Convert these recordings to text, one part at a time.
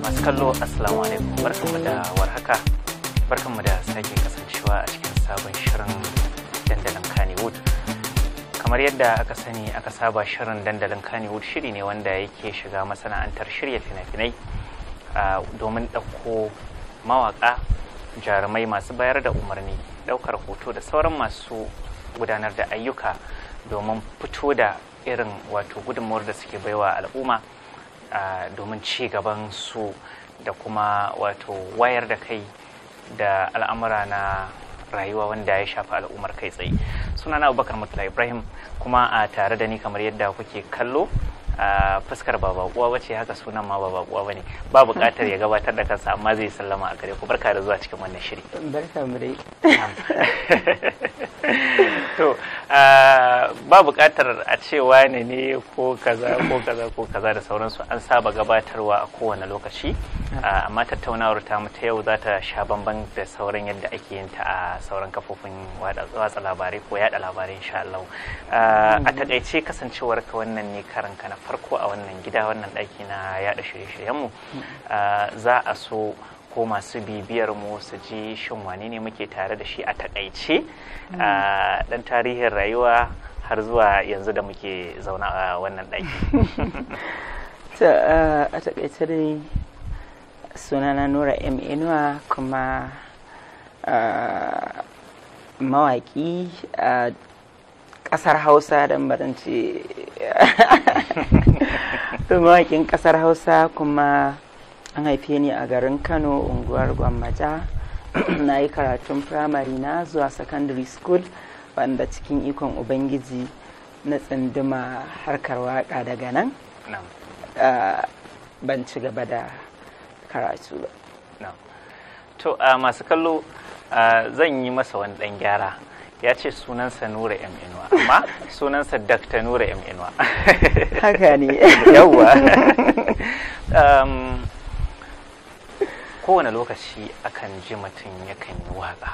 masu kallo assalamu alaikum barkanmu da warhaka barkanmu da sake kasancewa a cikin sabon shirin dandalin kannywood kamar yadda aka sani aka saba shirin dandalin kannywood shiri ne wanda yake shiga masana'antar shirya fina-finai domin ɗauko mawaƙa jarumai masu bayar da umarni ɗaukar hoto da sauran masu gudanar da ayyuka domin fito da irin wato gudunmawar da suke baiwa al'umma domin ci gaban su da kuma wato wayar da kai da al'amura na rayuwa wanda ya shafi al'ummar kai tsaye sunana abubakar mutula ibrahim kuma a tare da ni kamar yadda kuke kallo fuskar ba bakuwa bace haka sunan ma ba bakuwa bane ba buƙatar ya gabatar da kansa amma zai sallama a gare ku barka da zuwa cikin wannan shiri barka mu to ba buƙatar a ce wani ne ko kaza ko kaza ko kaza da sauransu an saba gabatarwa a kowane lokaci amma tattaunawar ta mu ta yau za ta sha bamban da sauran yadda ake yin ta a sauran kafofin watsa labarai ko yada labarai insha Allah a takaice kasancewar ka wannan ne karan kana farko a wannan gida wannan ɗaki na yada shirye-shiryenmu mm. ah, za a so ko masu bibiyar mu su ji shin wane ne muke tare da shi a takaice mm. ah, ɗan tarihin rayuwa har zuwa yanzu da muke zauna a wannan ɗaki ah, a takaice dai sunana nura m inuwa kuma mawaki kasar hausa don baranci mawaƙin kasar hausa kuma an haife ni a garin kano unguwar gwammaja na yi karatun firamare na zuwa secondary school wanda cikin ikon ubangiji na tsinduma harkar waka daga nan ban ci gaba da karatu ba to masu kallo zan yi masa wani dan gyara ya ce sunansa nura m inuwa amma sunansa dakta nura m inuwa haka ne yawwa um, kowane lokaci akan ji mutum yakan yi waka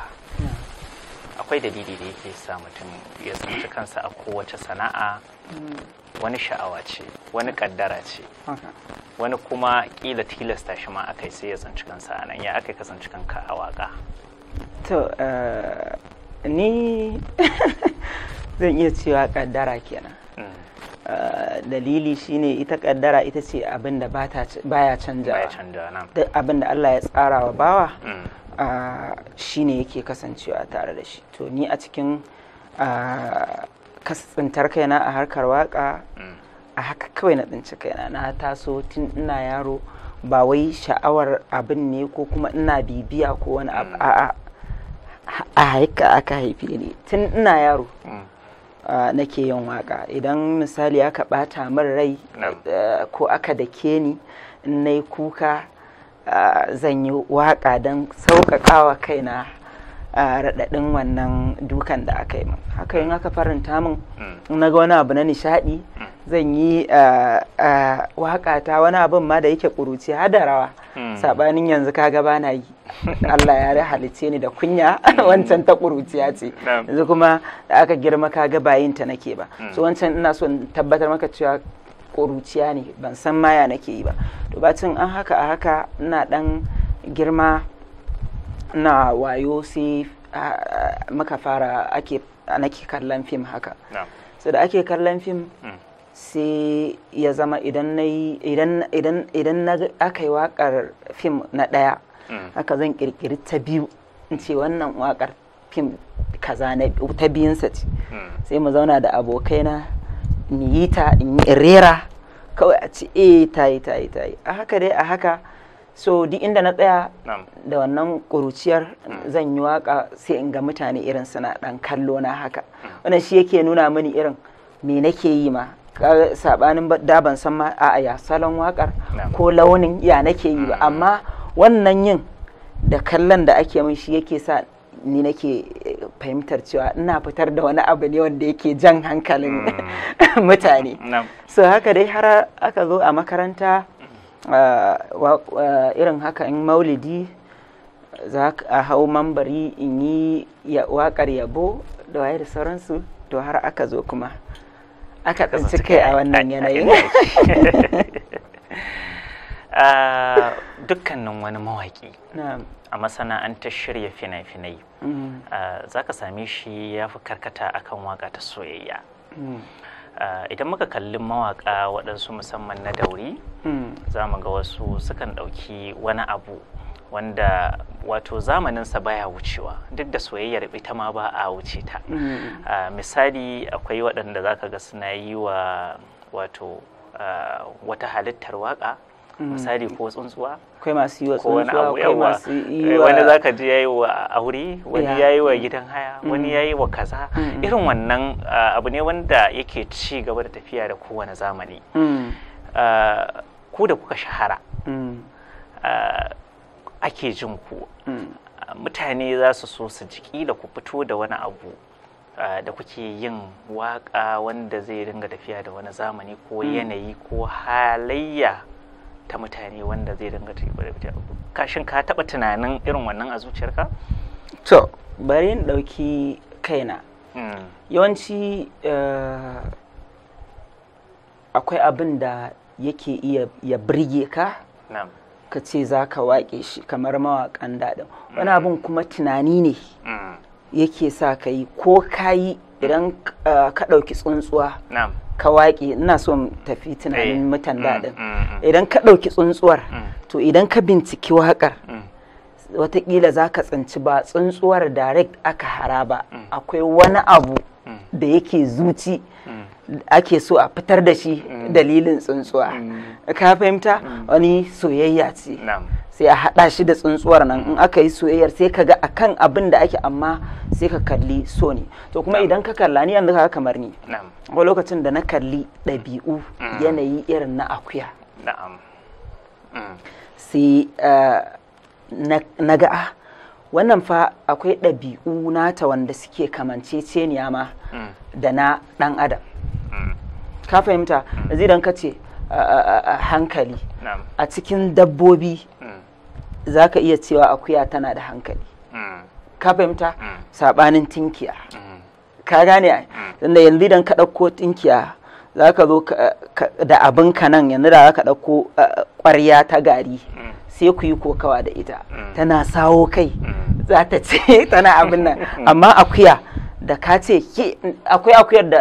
akwai dalili da yake sa mutum ya tsinci kansa a kowace sana'a mm. wani sha'awa ce wani kaddara ce wani kuma kila tilasta shi ma aka sai ya tsinci kansa a nan ya aka ka kasance kanka a waka ni zan iya cewa kaddara kenan hmm. ah, dalili shine ita kaddara ita ce abin da baya canja duk abin da Allah ya tsara wa bawa hmm. ah, shine yake kasancewa tare da shi to ni a cikin ah, tsintar kaina a harkar waka hmm. a haka kawai na tsinci kaina na taso tun ina yaro ba wai sha'awar abin ne ko kuma ina bibiya ko wani abu a'a a haika aka haife ni tun ina yaro mm. nake yin waka idan misali aka bata min rai ko aka dake ni na yi kuka zan yi waka don sauƙaƙawa kaina raɗaɗin wannan dukan da aka yi min haka yin aka faranta min mm. na ga wani abu na nishaɗi mm. zan yi waka ta wani abin ma da yake kuruci hadarawa. Hmm. sabanin yanzu kaga gaba na yi Allah ya halice ni da kunya hmm. wancan ta kuruciya ce yanzu kuma da aka girma kaga bayin ta nake ba hmm. so wancan ina so tabbatar maka cewa kuruciya ne ban san maya nake yi ba to bacin an haka a haka ina dan girma na wayo sai muka fara ake nake kallon fim haka so da ake kallon fim sai ya zama idan aka yi wakar fim na ɗaya mm. haka zan kirkiri ta biyu in ce wannan wakar fim kaza na ta biyunsa ce mm. sai mu zauna da abokaina in yi ta in yi rera kawai a ci e eh, ta yi ta yi ta yi a haka dai a haka so duk inda na tsaya da wannan ƙuruciyar mm. zan yi waka sai in ga mutane irin suna ɗan kallo na haka wannan shi yake nuna mini irin me nake yi ma sabanin da ban san ma a ya salon wakar ko launin ya nake yi ba amma wannan yin da kallon da ake min shi yake sa ni nake fahimtar cewa ina fitar da wani abu ne wanda yake jan hankalin mm. mutane so haka dai har aka zo a makaranta uh, uh, irin haka in maulidi za a hau mambari in yi wakar yabo da waye da sauransu to har aka zo kuma aka tsinci kai a wannan yanayin ah, dukkanin wani mawaƙi a masana'antar shirya fina-finai mm. ah, za ka same shi ya fi karkata akan waka ta soyayya mm. ah, idan muka kalli mawaka waɗansu musamman na dauri mm. za mu ga wasu sukan ɗauki wani abu wanda wato zamaninsa baya wucewa duk da soyayyar ita ma ba a wuce ta mm. misali akwai waɗanda zaka ga suna yi wa wato wata halittar waka mm. misali ko tsuntsuwa akwai masu yi wa tsuntsuwa akwai masu yi wa wani zaka ji yayi wa aure wani yayi wa gidan haya mm. wani yayi wa kaza irin wannan abu ne wanda yake ci gaba da tafiya da kowane zamani ku da kuka shahara ake jin ku mm. mutane za su so su ji da ku fito da wani abu da kuke yin waka wanda zai ringa tafiya da wani zamani ko mm. yanayi ko halayya ta mutane wanda zai ringa tafiya da kashin ka taba tunanin irin wannan a zuciyarka to bari in dauki kaina mm. yawanci akwai abin da yake iya ya birge ka ka ce za ka waƙe shi kamar mawaƙan daɗin wani abin kuma tunani ne yake sa ka yi ko ka yi idan eh, ka ɗauki tsuntsuwa ka waƙe ina so tafi tunanin eh. mutan mm, daɗin mm, mm. idan ka ɗauki tsuntsuwar to idan ka binciki waƙar watakila za ka tsinci ba tsuntsuwar direct aka haraba akwai wani abu da yake zuci ake so a fitar da shi mm. dalilin tsuntsuwa mm. ka fahimta mm. wani soyayya ce sai a haɗa shi da tsuntsuwar nan in aka yi soyayyar sai ka ga akan abin da ake amma sai ka kalli so ne to kuma idan ka kalla ni yanzu ka kamar ni ko lokacin da na kalli ɗabi'u yanayi irin na akuya sai eh, na ga ah, wannan fa akwai ɗabi'u nata wanda suke kamance kamanceceniya ma da na ɗan adam ka fahimta mm. zidan ka ce hankali a cikin dabbobi mm. za ka iya cewa akuya tana da hankali mm. ka fahimta sabanin tinkiya ka gane a yanzu idan ka ɗauko tinkiya za ka zo da abin ka nan yanzu da za ka ɗauko ƙwarya ta gari sai ku yi kokawa da ita tana sawo kai za ta ce tana abin nan amma akuya da ka ce akwai akuyar da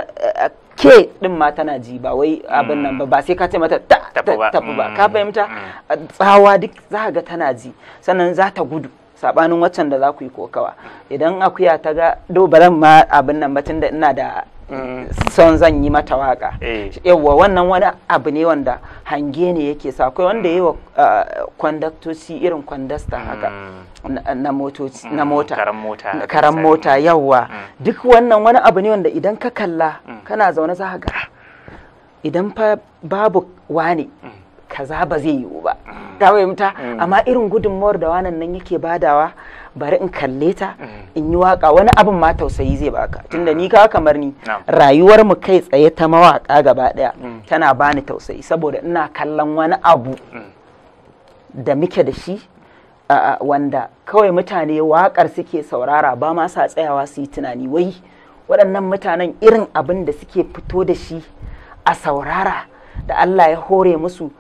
ke din ma tana ji ba wai abin nan ba ba sai ka ce mata ta tafi ba ka mm, fahimta mm, mm. tsawa duk za ga tana ji sannan za ta gudu sabanin waccan da za ku yi kokawa idan akuya ta ga dobaran ma abin nan ba tunda ina da son zan yi mata waka eh. yawwa wannan wani abu ne wanda hange ne yake sa akwai wanda yi wa uh, kwandaktoci irin kwandasta haka hmm. na hmm, mota karan mota yawwa hmm. duk wannan wani abu ne wanda idan ka kalla kana zaune za ga idan fa babu wane kaza ba zai yiwu ba ta amma irin gudunmuwar da wanan nan yake badawa bari in kalle ta mm. in yi waka wani abin ma tausayi zai baka tunda ni mm. ka kamar ni rayuwar mu kai tsaye ta mawaka gaba daya mm. tana bani tausayi saboda ina kallon wani abu da muke da shi wanda kawai mutane wakar suke saurara ba ma sa tsayawa su yi tunani wai waɗannan mutanen irin abin da suke fito da shi a saurara da Allah ya hore musu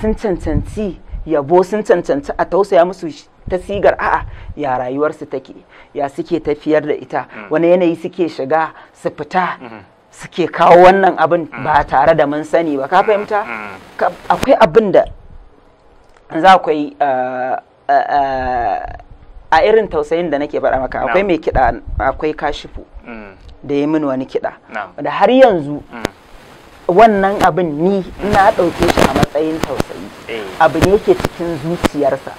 sun cancanci yabo sun cancanci a tausaya musu ta sigar a'a ya rayuwarsu take ya suke tafiyar da ita mm. wani yanayi suke shiga su fita mm-hmm. suke kawo wannan abin mm. ba tare da mun sani ba ka mm-hmm. fahimta mm-hmm. akwai abin da za yi uh, uh, uh, a irin tausayin da nake faɗa maka akwai mai kiɗa akwai kashifu mm. da ya min wani kiɗa da har yanzu wannan abin ni na ɗauke shi a matsayin tausayi eh. abu yake cikin zuciyarsa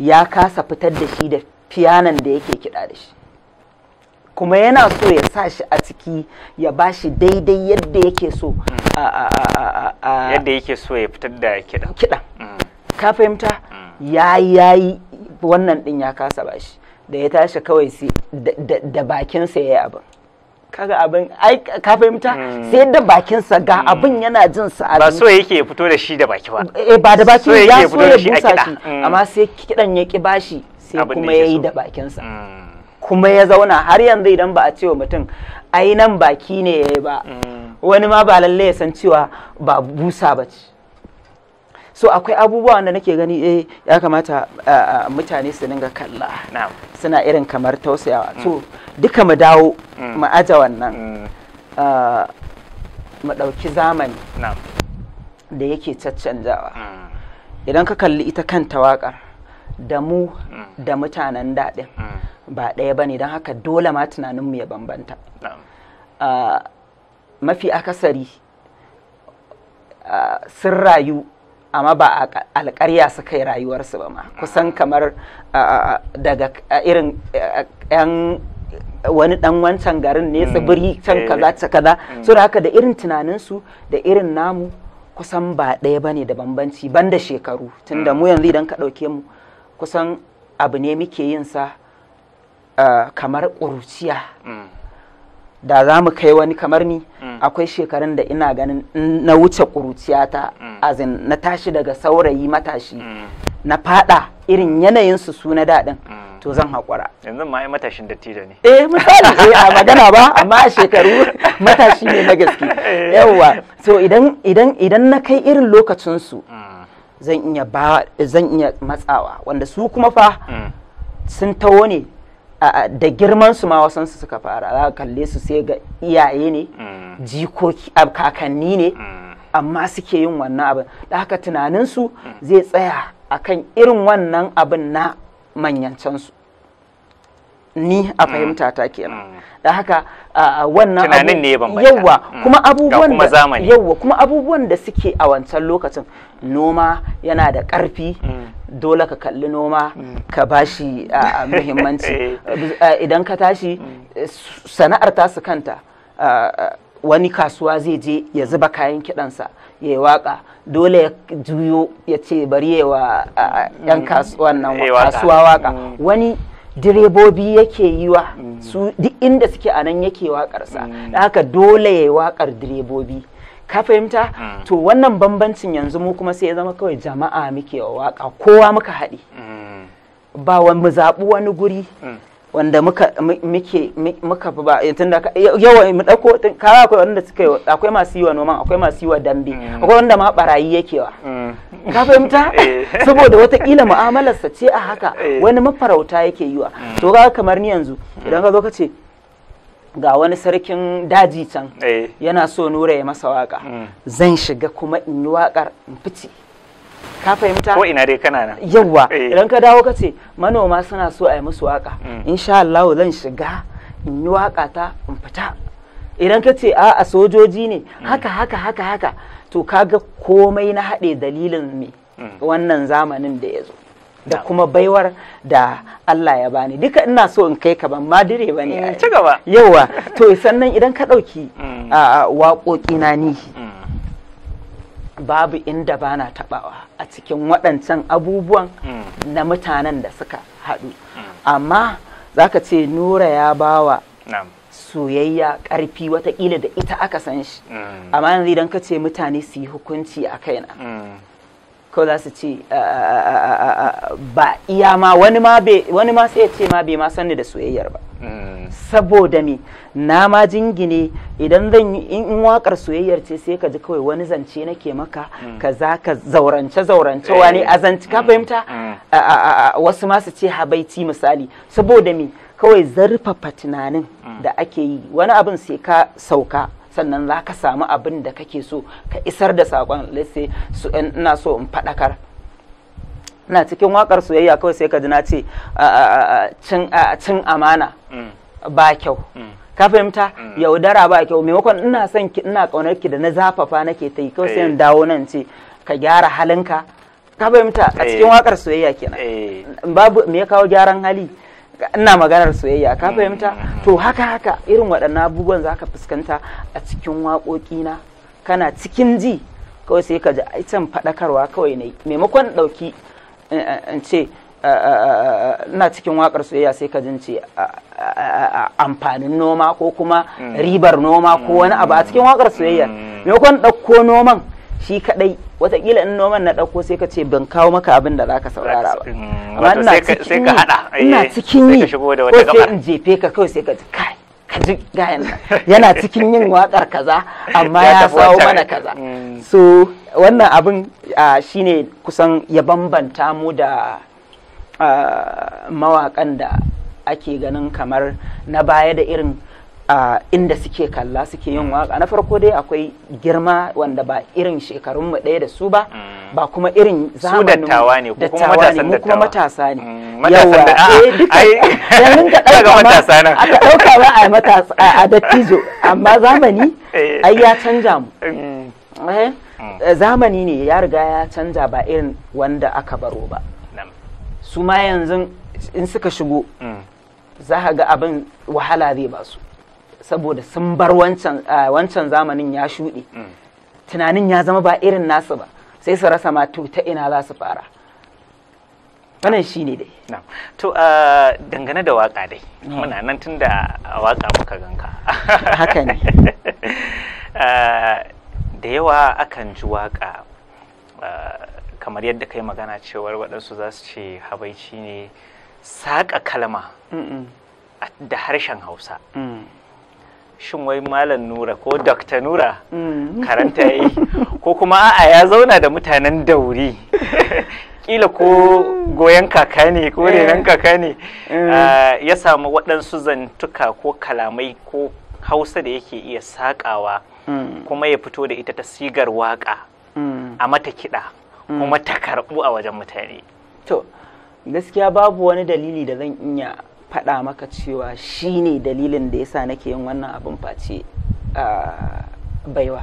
ya kasa fitar da shi da fiyanan da yake kiɗa da shi kuma yana so ya sa shi a ciki ya ba shi daidai yadda yake so hmm. yadda yake so ya fitar da kiɗa kiɗa hmm. ka fahimta hmm. ya yayi wannan ɗin ya kasa ba shi da ya tashi kawai da bakinsa ya yi abin kaga abin ai ka fahimta hmm. sai da bakin sa ga hmm. abin yana jin sa ba so yake fito da shi da baki ba eh ba da baki ya so ya busa shi hmm. amma sai kidan ya ki bashi sai kuma yayi da bakin sa kuma ya zauna har yanzu idan ba a wa mutum ai nan baki ne yayi ba wani ma ba lalle ya san cewa ba busa ba ce so akwai abubuwa da nake gani eh ya kamata mutane su dinga kalla suna irin kamar tausayawa mm. so duka mu dawo mm. mu aja wannan mm. mu ɗauki zamani da yake caccanjawa idan ka kalli ita kanta waka da mu da mutanen daɗin ba ɗaya bane ne don haka dole ma tunanin mu ya bambanta mafi akasari sun rayu amma ba a alƙarya su kai rayuwarsu ba ma kusan kamar daga irin 'yan wani dan wancan garin ne tsibiri mm. can eh. kaza ta kaza mm. so da haka da irin tunaninsu da irin namu kusan ba ɗaya bane da bambanci banda shekaru tunda mm. mu yanzu idan ka ɗauke mu kusan abu ne muke yin sa kamar ƙuruciya da za mu kai wani kamar ni mm. akwai shekarun da ina ganin na wuce ƙuruciyata mm. azin na tashi daga saurayi matashi mm. na fada irin yanayin su su na daɗin to zan haƙura yanzu ma yi matashin dattijo ne eh misali eh a magana ba amma a shekaru matashi ne na gaske eh. yawwa so idan idan idan na kai irin lokacinsu, zan iya ba zan iya matsawa wanda su kuma fa sun tawo ne da girman su ma wasan su suka fara za kalle su sai ga iyaye ne mm. jikoki kakanni ne mm. amma suke yin wannan abin da haka tunanin su mm. zai tsaya akan irin wannan abin na manyancansu ni a mm. fahimta ta kenan mm. da haka wannan tunanin ne yawa mm. kuma abubuwan da yawa kuma abubuwan da suke a wancan lokacin noma yana da karfi dole ka kalli noma ka bashi muhimmanci eh. idan ka tashi sana'ar ta su kanta wani kasuwa zai je ya zuba kayan kidansa ya yi waka dole ya juyo ya ce bari ya 'yan kasuwan nan kasuwa waka wani direbobi yake yi wa mm. su duk inda suke a nan yake wakarsa mm. da haka dole ya yi waƙar direbobi ka fahimta mm. to wannan bambancin yanzu mu kuma sai ya zama kawai jama'a muke wa waƙa kowa muka haɗi ba mu zaɓi wani guri wanda muka muke muka fi ba tunda yawa mu dauko kaga akwai wanda suka yi akwai masu yi wa noman akwai masu yi wa dambe mm. akwai wanda ma barayi yake wa mm. ka fahimta eh. saboda watakila mu'amalarsa ce a haka eh. wani mafarauta yake yiwa wa mm. to ga kamar ni yanzu idan ka zo ka ce ga wani sarkin daji can eh. yana so nura ya masa waka zan shiga kuma in yi wakar in fice ka fahimta ko ina dai kana nan yawa eh. idan ka dawo kace manoma suna so a yi musu waka mm. insha Allah zan shiga in yi waka ta in fita idan kace ce a sojoji ne mm. haka haka haka haka to kaga komai na haɗe dalilin me mm. wannan zamanin da ya zo da kuma baiwar da Allah ya bani duka ina so in kai ka ban ma dire bane ci gaba yawa to sannan idan ka ɗauki waƙoƙi na nihi babu inda bana na tabawa a cikin waɗancan abubuwan hmm. na mutanen da suka haɗu hmm. amma zaka ce nura ya bawa soyayya ƙarfi watakila da ita aka san shi hmm. amma yanzu idan ka ce mutane su yi hukunci a kaina ko za su ce eh, eh, eh, ba iya ma wani ma sai ce ma bai ma sanni da soyayyar ba mm. saboda me na ma jingine idan zan yi in wakar soyayyar ce sai ka ji kawai wani zance nake maka mm. za ka zaurance zaurance wani a zance ka fahimta mm. wasu ma su ce habaiti misali saboda me kawai zarfafa tunanin da ake yi wani abin sai ka sauka sannan za ka samu abin da kake so ka isar da saƙon lese su ina so in faɗakar na cikin waƙar soyayya kawai sai ka ji na ce cin amana mm. ba kyau mm. ka fahimta mm. yaudara ba kyau maimakon ina son ki ina ƙaunar ki da na zafafa nake ta yi kawai sai in eh. dawo nan ce ka gyara halinka ka fahimta a cikin eh. waƙar soyayya kenan eh. babu me ya kawo gyaran hali ina maganar soyayya ka mm. fahimta to haka haka irin waɗannan abubuwan za ka fuskanta a cikin waƙoƙina kana cikin ji kawai sai ka ji aitan faɗakarwa kawai ne maimakon ɗauki eh, eh, in ce eh, ina cikin waƙar soyayya sai ka jince amfanin noma ko kuma mm. ribar noma ko wani abu a cikin waƙar soyayya mm. maimakon ɗauko noman shi kadai watakila in noman na dauko sai ka ce ban kawo maka abin da zaka saurara ba amma ina sai ka hada ina eh, cikin yi ko sai in jefe ka kawai sai ka ji kai ka ji gayan yana cikin yin wakar kaza amma ya sawo mana kaza mm. so wannan abin shine kusan ya bambanta mu da mawakan da ake ganin kamar na baya da irin a inda suke kalla suke yin waka na farko dai akwai girma wanda ba irin shekarun mu ɗaya da su ba mm. ba kuma irin zamanin dattawa ne ko kuma matasan dattawa matasa ne mm, matasan da ah, eh, ai dan ka dauka matasa aka dauka ba a matasa a dattijo amma zamani eh. ai ya canja mu mm. Eh? zamani ne ya riga ya canja ba irin wanda aka baro ba su ma yanzu in suka shigo za ga abin wahala zai ba su saboda sun bar wancan zamanin ya shuɗe mm. tunanin ya zama ba irin nasu ba sai su rasa ma to ta ina za su fara wannan shi ne dai to dangane da waka dai mm. muna nan tun da waka muka ganka haka ne da yawa akan ji waka kamar yadda kai magana cewar waɗansu za su ce habaici ne saƙa kalma da harshen hausa mm. shin wai malam nura ko dr nura mm. karanta yi ko kuma a'a ya zauna da mutanen dauri kila ko goyon kaka ne ko eh. renon kaka ne mm. ah, ya samu waɗansu zantuka ko kalamai ko hausa da yake iya sakawa mm. kuma ya fito da ita ta sigar waƙa a mata kiɗa kuma ta karɓu a wajen mutane to gaskiya babu wani dalili da zan iya faɗa maka cewa shi ne dalilin da ya sa nake yin wannan abin face baiwa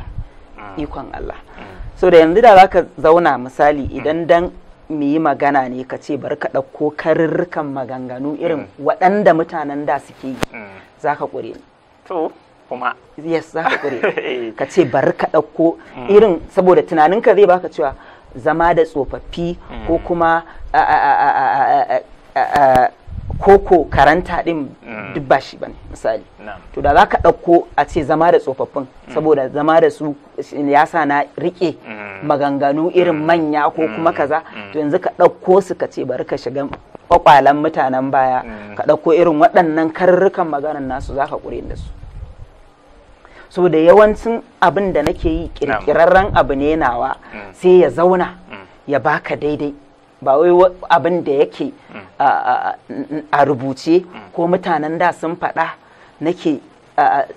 mm. ikon Allah mm. so da yanzu da za ka zauna misali idan dan mu yi magana ne ka ce bari ka ɗauko karurrukan maganganu irin mm. waɗanda mutanen da suke yi za ka ƙure ni to kuma yes za ka ƙure ka ce bari ka ɗauko irin saboda tunaninka zai baka cewa zama da tsofaffi ko kuma koko karanta din mm. duk ba shi bane misali to da za ka ɗauko a ce zama da tsofaffin mm. saboda zama da su ya sa na rike mm. maganganu irin manya ko kuma kaza to yanzu ka ɗauko su ka ce bari ka shiga kwakwalan mutanen baya ka ɗauko irin waɗannan karurrukan maganan nasu zaka ka ƙure da su saboda yawancin abin da nake yi ƙirƙirarren abu ne nawa sai ya zauna ya baka daidai ba wai abin da yake mm. a rubuce mm. ko mutanen da sun faɗa nake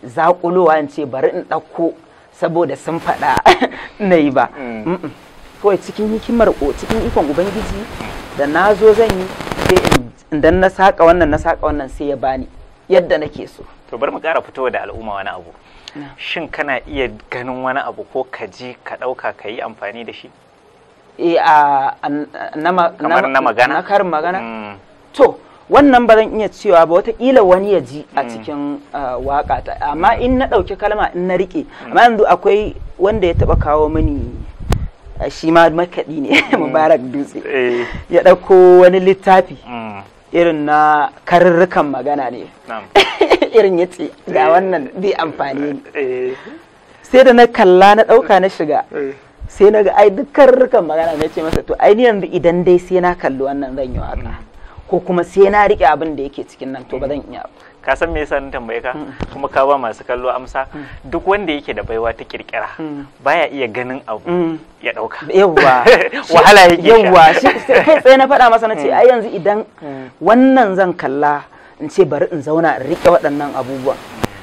zaƙulowa in ce bari in ɗauko saboda sun faɗa na yi ba mm. kawai cikin hikimar cikin ikon ubangiji da na zo zan yi sai idan na saƙa wannan na saƙa wannan sai ya bani yadda nake so to bari mu ƙara fito da al'umma wani abu shin kana iya ganin wani abu ko ka ji ka ɗauka ka yi amfani da shi Eh, na magana karin magana mm. to wannan ba zan iya cewa ba wataƙila wani ya ji a mm. cikin waƙa ta amma in na ɗauki kalma in na rike mm. amma yanzu akwai wanda ya taɓa kawo mini shi ma makaɗi ne mubarak dutse eh. ya ɗauko wani littafi irin na karurrukan magana ne irin ya ce ga eh. wannan bi amfani sai da na kalla na ɗauka na shiga sai na ga ai dukkan rukan magana na ce masa to ai ni yanzu idan dai sai na kalli wannan zan yi waka ko kuma sai na rike abin da yake cikin nan to ba zan iya ka san me yasa na tambaye ka kuma ka ba masu kallo amsa duk wanda yake da baiwa ta kirkira baya iya ganin abu ya dauka yawa wahala yake yawa kai tsaye na faɗa masa na ce ai yanzu idan mm. wannan zan kalla in ce bari in zauna in rike waɗannan abubuwan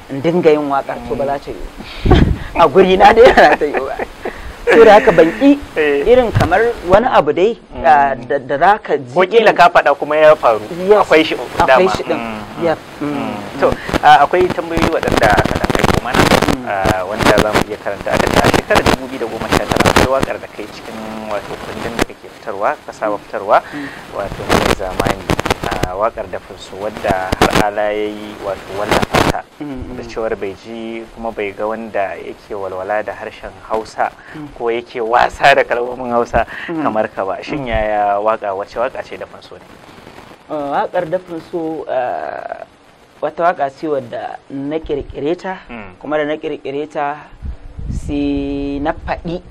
in dinga yin waƙar to ba za ta yi a guri na dai yana ta yi sai haka banki eh. irin kamar wani abu dai mm. ah, da za ka ji wakila ka faɗa kuma ya faru akwai shi dama mm, mm, to ah, akwai tambayoyi waɗanda aka kuma mana ah, wanda za mu iya karanta aka ce a shekarar 2019 akwai wakar da kai cikin wato kundin da kake fitarwa ka fitarwa wato mai zamani wakar da fusu wadda har ala ya yi wato wannan fata mm-hmm. da cewar bai ji kuma bai ga wanda yake walwala da harshen hausa mm. ko yake wasa da kalmomin hausa mm-hmm. kamar ka ba shin mm. yaya waka wace waka ce da so ne wakar da so uh, wata waka ce wadda na kirkire ta mm. kuma da na kirkire ta sai na faɗi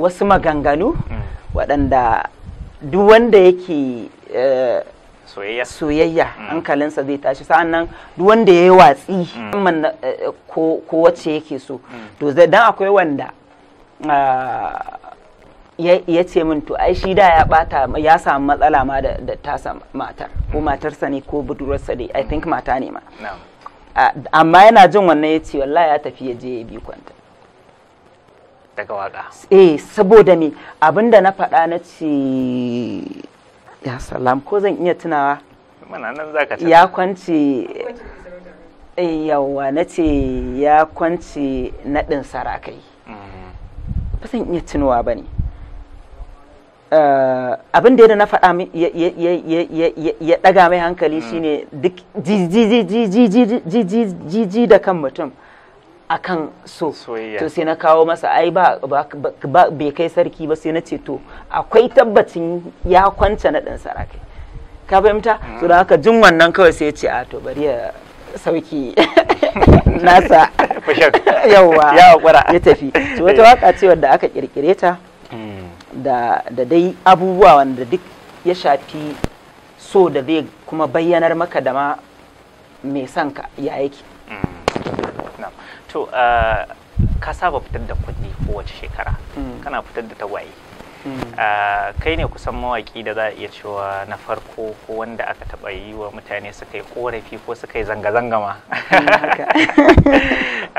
wasu maganganu waɗanda duk wanda yake Eh, soyayya mm. hankalinsa zai tashi sa'an nan duk wanda ya yi watsi mm. eh, eh, ko wacce yake so mm. to dan akwai wanda ah, ya ce min to ai shi da ya bata ya samu matsala ma da tasa matar ko matarsa ne ko budurarsa dai i think mata ne ma amma yana jin wannan ya ce wallahi ya tafi ya je ya bi kwanta daga waka eh saboda me abinda na faɗa na ce ya salam ko zan iya tunawa ya kwance yawa na ce ya kwanci naɗin sarakai ba zan iya tunawa ba ne abin da na faɗa ya ɗaga mai hankali shine duk jijiji da kan mutum akan so to sai na kawo masa ai ba bai kai sarki ba sai na ce to akwai tabbacin ya kwanta na dan sarakai ka fahimta so mm. da haka jin wannan kawai sai ya ce a to bari ya sauki nasa yawa ya hakura ya tafi to wata eh. waka ce wanda aka kirkire ta mm. da da dai abubuwa wanda duk ya shafi so da zai kuma bayyanar maka da ma mai sanka ya yake to ka saba fitar da kudi kowace shekara hmm. kana fitar da tagwaye hmm. kai ne kusan mawaki da za a iya cewa na farko ko wanda aka taba yi wa mutane suka yi korafi ko suka yi zanga-zanga ma hmm,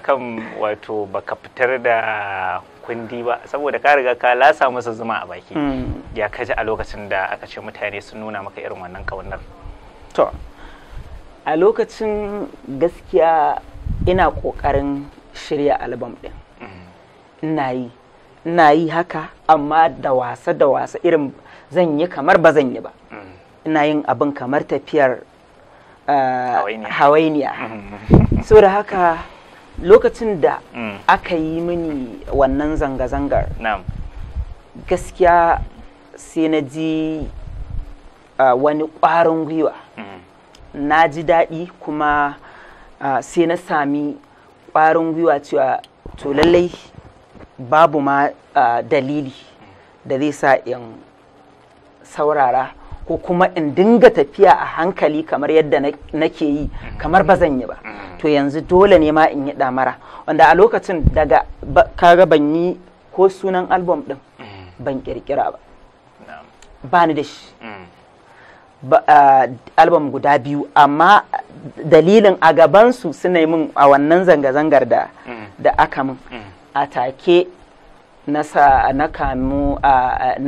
akan wato baka fitar da kundi ba saboda ka riga ka lasa musu zuma a baki ya kaji a lokacin da aka ce mutane sun nuna maka irin wannan kaunar to a lokacin gaskiya ina ƙoƙarin shirya albam ɗin mm-hmm. ina yi ina yi haka amma da wasa da wasa irin zan yi kamar ba zan yi ba mm-hmm. ina yin abin kamar tafiyar uh, hawainiya mm-hmm. so da haka lokacin da mm. aka yi mini wannan zanga-zangar gaskiya sai na ji uh, wani ƙwarin gwiwa mm. na ji daɗi kuma sai na sami ƙwarin gwiwa cewa to lallai babu ma dalili da zai sa in saurara ko kuma in dinga tafiya a hankali kamar yadda nake yi kamar bazan yi ba to yanzu dole ne ma in yi damara wanda a lokacin daga kaga ban yi ko sunan album din mm. ban kirkira ba ba ni da shi mm. album guda biyu amma dalilin a gabansu suna yi min a wannan zanga-zangar da mm. aka min mm. a take na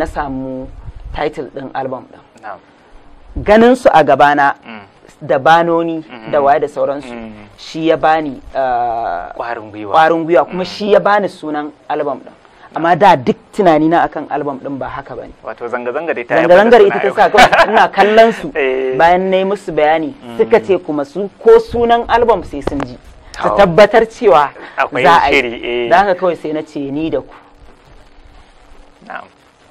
samu title din album din ganin su a gabana mm. da banoni mm-hmm. da waye da sauransu mm-hmm. shi ya bani kwarin gwiwa kuma shi ya bani sunan album din amma da duk tunani na akan album din ba haka bane wato zanga zanga dai ta zanga zangar ita ta sa kawai ina kallon su eh. bayan nayi musu bayani mm. suka ce kuma su ko sunan album sai sun ji ta tabbatar cewa za a yi eh. da haka kawai sai na ce ni da ku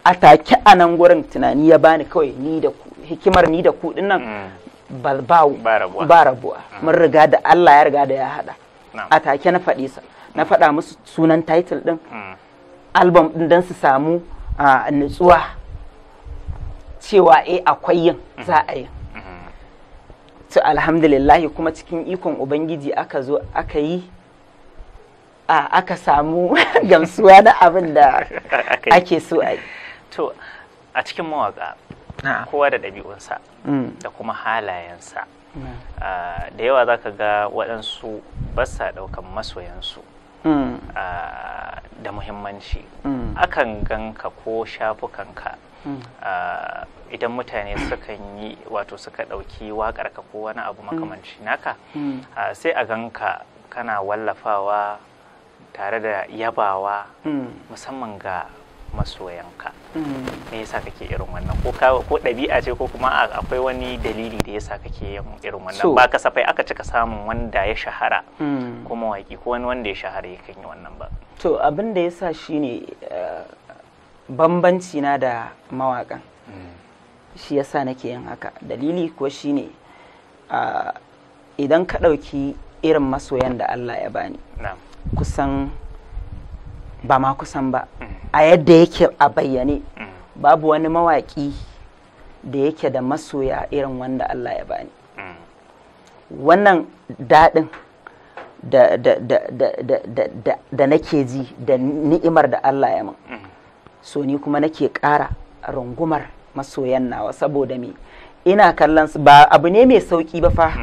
a take a nan gurin tunani ya bani kawai ni da ku hikimar ni da ku dinnan mm. ba rabuwa mm. mun riga da Allah ya riga da ya hada a take na faɗi sa na faɗa musu sunan title din album din don su samu nutsuwa cewa eh akwai yin za a yi to alhamdulillah kuma cikin ikon ubangiji aka zo aka yi a aka samu gamsuwa na abin da ake so a yi to a cikin mawaka kowa da ɗabi'unsa mm. da kuma halayensa mm. da yawa za ka ga waɗansu ba sa ɗaukan masoyansu Mm. Ah, da muhimmanci mm. akan ganka ko shafukan ka. Mm. Ah, idan mutane sukan yi wato suka ɗauki waƙarka ko wani abu makamanci naka ah, sai a ganka kana wallafawa tare da yabawa musamman ga masoyanka mm. me yasa kake irin wannan ko ko dabi'a ce ko kuma akwai wani dalili da yasa kake yin irin wannan ba kasafai aka cika samun wanda ya shahara mm. kuma waki ko wani wanda ya shahara ya yi wannan ba to abin da yasa shine eh, bambanci na da mawakan mm. shi yasa nake yin haka dalili ko shine ah, idan ka ɗauki irin masoyan da Allah ya bani kusan ba ma kusan ba a yadda yake a bayyane babu wani mawaƙi da yake da masoya irin wanda Allah ya bani wannan daɗin da nake ji da ni'imar da Allah ya min so ni kuma nake ƙara rungumar masoyan nawa saboda me ina kallon su ba abu ne mai sauƙi ba fa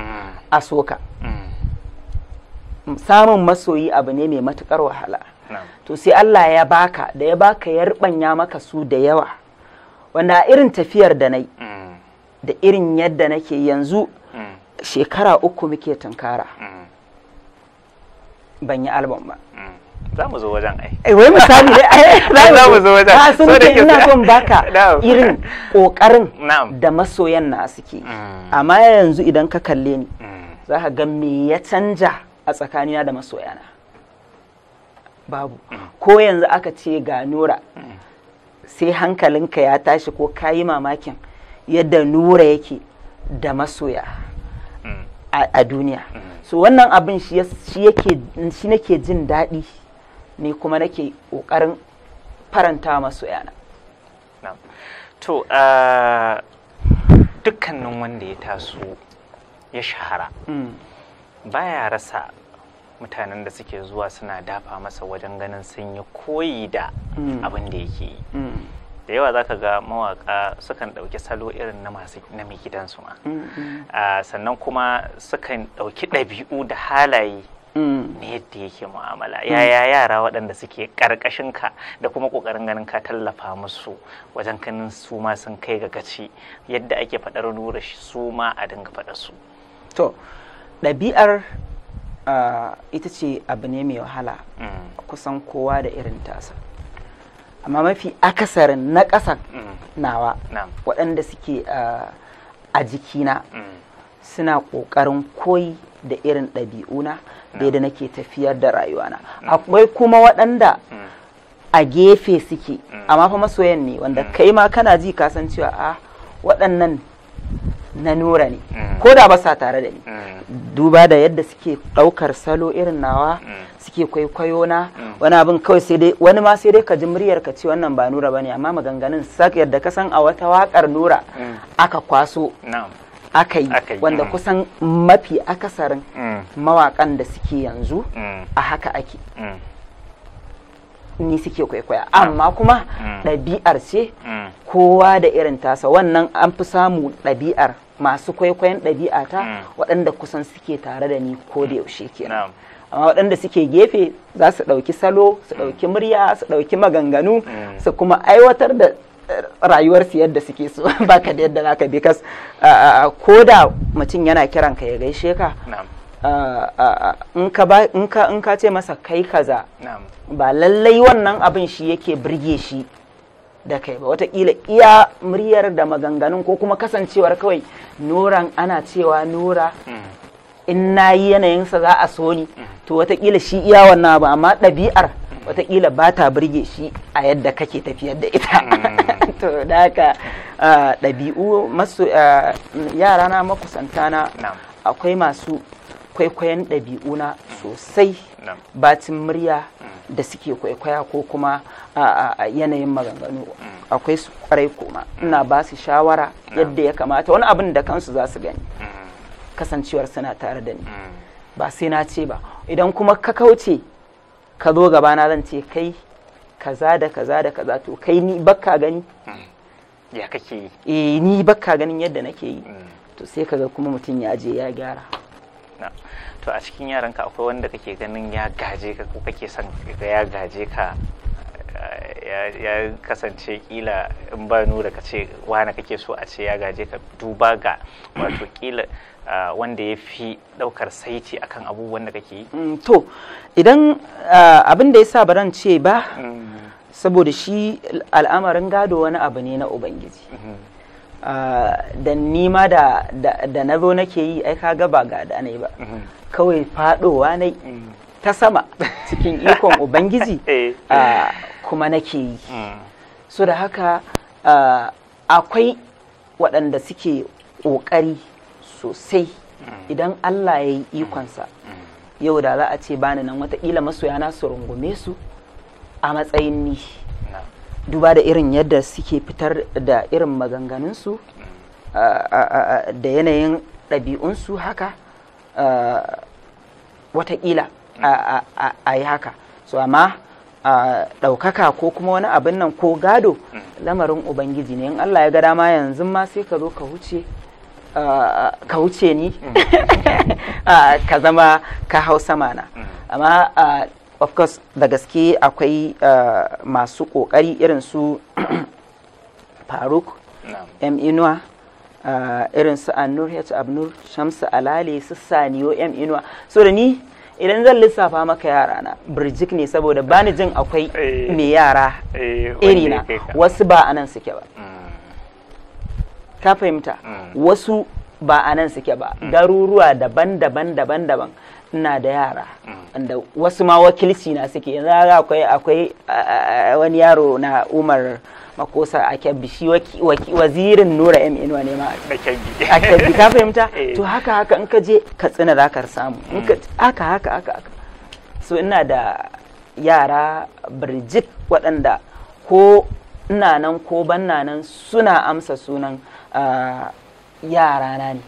a soka mm. samun masoyi abu ne mai matuƙar wahala to sai Allah ya baka da ya baka ya rubanya maka su da yawa wanda irin tafiyar da nai mm. da irin yadda nake yanzu mm. shekara uku muke tunkara mm. ban yi album ba za mu zo wajen ai eh, wai misali dai za mu zo wajen so da ce ina son baka irin kokarin da masoyan na suke amma yanzu idan ka kalle ni za ka ga me ya canja a tsakanina da masoyana babu ko yanzu aka ce ga nura sai hankalinka ya tashi ko ka yi mamakin yadda nura yake da masoya a duniya so wannan abin shi nake jin daɗi ne kuma nake ƙoƙarin faranta masoya na. to dukkanin wanda ya taso ya shahara mm. baya rasa mutanen da suke zuwa suna dafa masa wajen ganin sun yi koyi da mm. abin da yake yi mm. da yawa zaka ga mawaka sukan ɗauki salo irin na masu na mai gidansu ma mm, sannan kuma sukan ɗauki ɗabi'u da halaye Na yadda yake mu'amala yaya yara waɗanda suke ƙarƙashin ka da kuma ƙoƙarin ganin ka tallafa musu wajen kanin su ma sun kai ga gaci yadda ake faɗar nura su ma a dinga faɗa su to ɗabi'ar Ah, ita ce abu ne mai wahala kusan kowa da irin tasa amma mafi akasarin na ƙasa nawa waɗanda suke ah, a jikina suna ƙoƙarin koyi da irin ɗabi'una da yadda nake tafiyar da rayuwana akwai kuma waɗanda a gefe suke mm. amma fa masoyan ne wanda mm. kai ma kana ji kasancewa a ah, waɗannan na nura ne mm. ko da ba sa tare da ni mm. duba da yadda suke ɗaukar salo irin nawa mm. suke kwaikwayo na wani abin kawai sai dai wani ma sai dai ka ji muryar ka ce wannan ba nura bane amma maganganun sak yadda ka san a wata wakar nura aka kwaso aka yi wanda kusan mafi akasarin mawakan da suke yanzu a haka ake ni suke kwaikwaya amma kuma ɗabi'ar ce kowa da irin tasa wannan an fi samu ɗabi'ar masu kwaikwayon ɗabi'a ɗabi'ata hmm. waɗanda kusan suke tare da ni ko da hmm. yaushe kenan amma waɗanda suke gefe za su ɗauki salo su hmm. ɗauki murya su ɗauki maganganu su kuma aiwatar da eh, rayuwarsu yadda suke so baka da yadda zaka bikas ko da mutum yana kiran ka ya gaishe ka in ka ce masa kai kaza ba lallai wannan abin shi yake birge shi da kai ba wataƙila iya muryar da maganganun ko kuma kasancewar kawai nuran ana cewa nura mm. in na yi yanayinsa za a so ni mm. to watakila shi iya wannan ba amma ɗabi'ar mm. Wataƙila ba ta birge shi a yadda kake tafiyar da ita to da haka ɗabi'u masu yara na makusanta na akwai masu kwaikwayon ɗabi'una sosai batin murya da mm. suke kwaikwaya ko kuma a yanayin maganganu mm. akwai su kwarai kuma ina ba su shawara yadda ya kamata wani abin da kansu za su gani mm. kasancewar suna tare da ni ba sai na ce ba idan kuma ka kauce ka zo na zan ce kai kaza da kaza da kaza to kai ni bakka gani ya kake yi eh, ni bakka ganin yadda nake yi to sai kaga kuma mutum ya je ya gyara to a cikin yaranka akwai wanda kake ganin ya gaje ka ko kake son ka ya gaje ka ya kasance kila in ba nura ka ce wane kake so a ce ya gaje ka duba ga wato kila wanda ya fi ɗaukar saiti akan abubuwan da kake yi mm, to idan abin da ya sa baran ce ba mm. saboda shi al'amarin gado wani abu ne na ubangiji mm-hmm. Ah, da nima da da na zo nake yi ai ga ba ga da ba mhm. kawai fadowa na mm. ta sama cikin ikon ubangiji eh, eh. Ah, kuma nake yi mm. so da haka ah, akwai waɗanda suke ƙoƙari sosai mm. idan Allah ya yi ikonsa yau da za a ce bani nan watakila masoyana su rungume su a matsayin ni. duba da irin yadda suke fitar da irin maganganunsu da yanayin ɗabi'unsu haka watakila a yi haka so amma ɗaukaka ko kuma wani abin nan ko gado lamarin ubangiji ne in allah ya ga ma yanzu ma sai ka zo ka huce ka wuce ni ka zama ka hau sama na mm. amma of course da gaske akwai uh, masu kokari irin su faruk m inuwa eh, irin su annur h abnur shamsu alale su saniyo m inuwa so da ni idan zan lissafa maka yara na birjik ne saboda bani jin akwai eh. mai yara irina wasu ba anan suke ba mm. ka fahimta mm. wasu ba anan suke ba mm. garuruwa daban-daban daban-daban ina da yara wanda wasu ma wakilci na suke yanzu akwai akwai wani yaro na umar makosa a kyabbi shi wazirin nura m inuwa ne ma a kyabbi ka fahimta eh. to haka haka in ka je ka tsina za ka samu haka haka haka so ina da yara birjik waɗanda ko ina nan ko ban nan suna amsa sunan na ne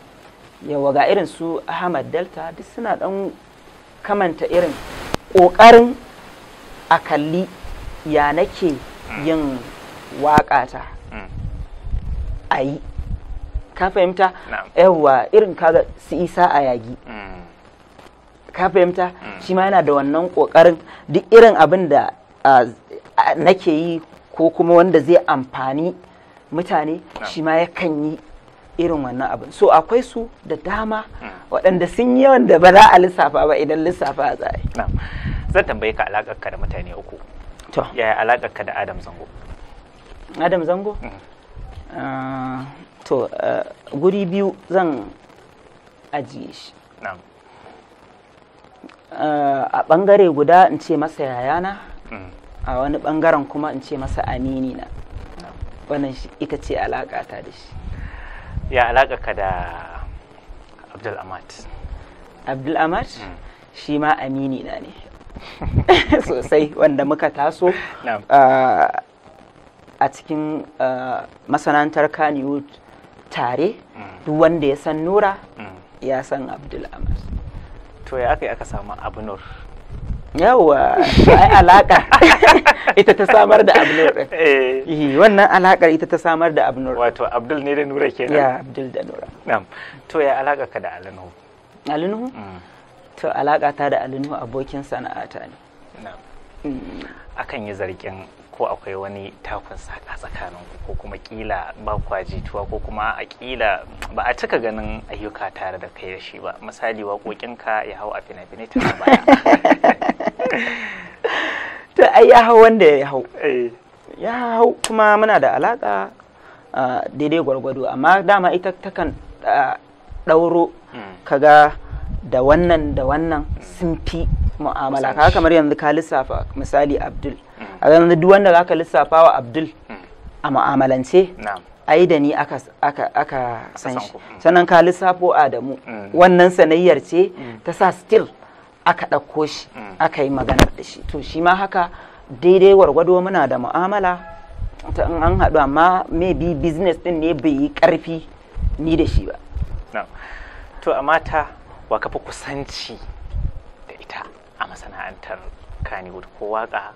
yawa ga irin su ahmad delta duk suna dan kamanta irin Kokarin a kalli ya nake yin waƙata a yi ka fahimta yawa irin kaga su isa a yagi mm. ka fahimta mm. shi ma yana da wannan kokarin duk irin abin da nake yi ko kuma wanda zai amfani mutane shi ma yakan yi irin wannan abin so akwai su da dama hmm. waɗanda sun yi yawan da ba za a lissafa ba idan lissafa za a yi zan tambaye ka alaƙar ka da mutane uku to yaya alaƙar ka da adam zango adam zango hmm. ah, to eh, guri biyu zan ajiye shi eh, a ɓangare guda in ce masa yayana hmm. a wani ɓangaren kuma in ce masa amini na wannan ita ce alaƙata da shi ya alaƙa ka da abdul amat abdul amat hmm. shi ma amini na ne sosai wanda muka taso a cikin masana'antar kaniwood tare hmm. duk wanda ya san nura hmm. ya san abdul amat to ya aka yi aka samu abunur yawa ai alaka ita ta samar da abnur din eh. wannan alakar ita ta samar da abnur wato abdul ne da nura kenan ya abdul da nura na'am to ya alaka ka da alinu alinu mm. to alaka ta da alinu abokin sana'ata ne na'am mm. akan yi zargin ko akwai wani takun saka tsakanin ku ko kuma kila ba kwa jituwa ko kuma a kila ba a cika ganin ayyuka tare da kai da shi ba misali waƙoƙinka ya hau a fina-finai ta baya to ai ya hau wanda ya hau eh. ya hau kuma muna da alaka daidai gwargwado amma dama ita takan ɗauro hmm. kaga da wannan da wannan sun fi mu'amala kaga kamar yanzu ka lissafa misali abdul mm. a yanzu duk wanda zaka lissafa wa abdul mm. a mu'amalance ai da ni aka, aka, aka san shi mm. sannan ka lissafo adamu wannan sanayyar ce ta sa still aka ɗauko shi aka yi maganar da shi to shi ma haka daidai wargwado muna da mu'amala ta in an haɗu amma maybe business din ne bai yi ƙarfi ni da shi ba to amma ta wa kafi kusanci masana'antar kaniwood ko waka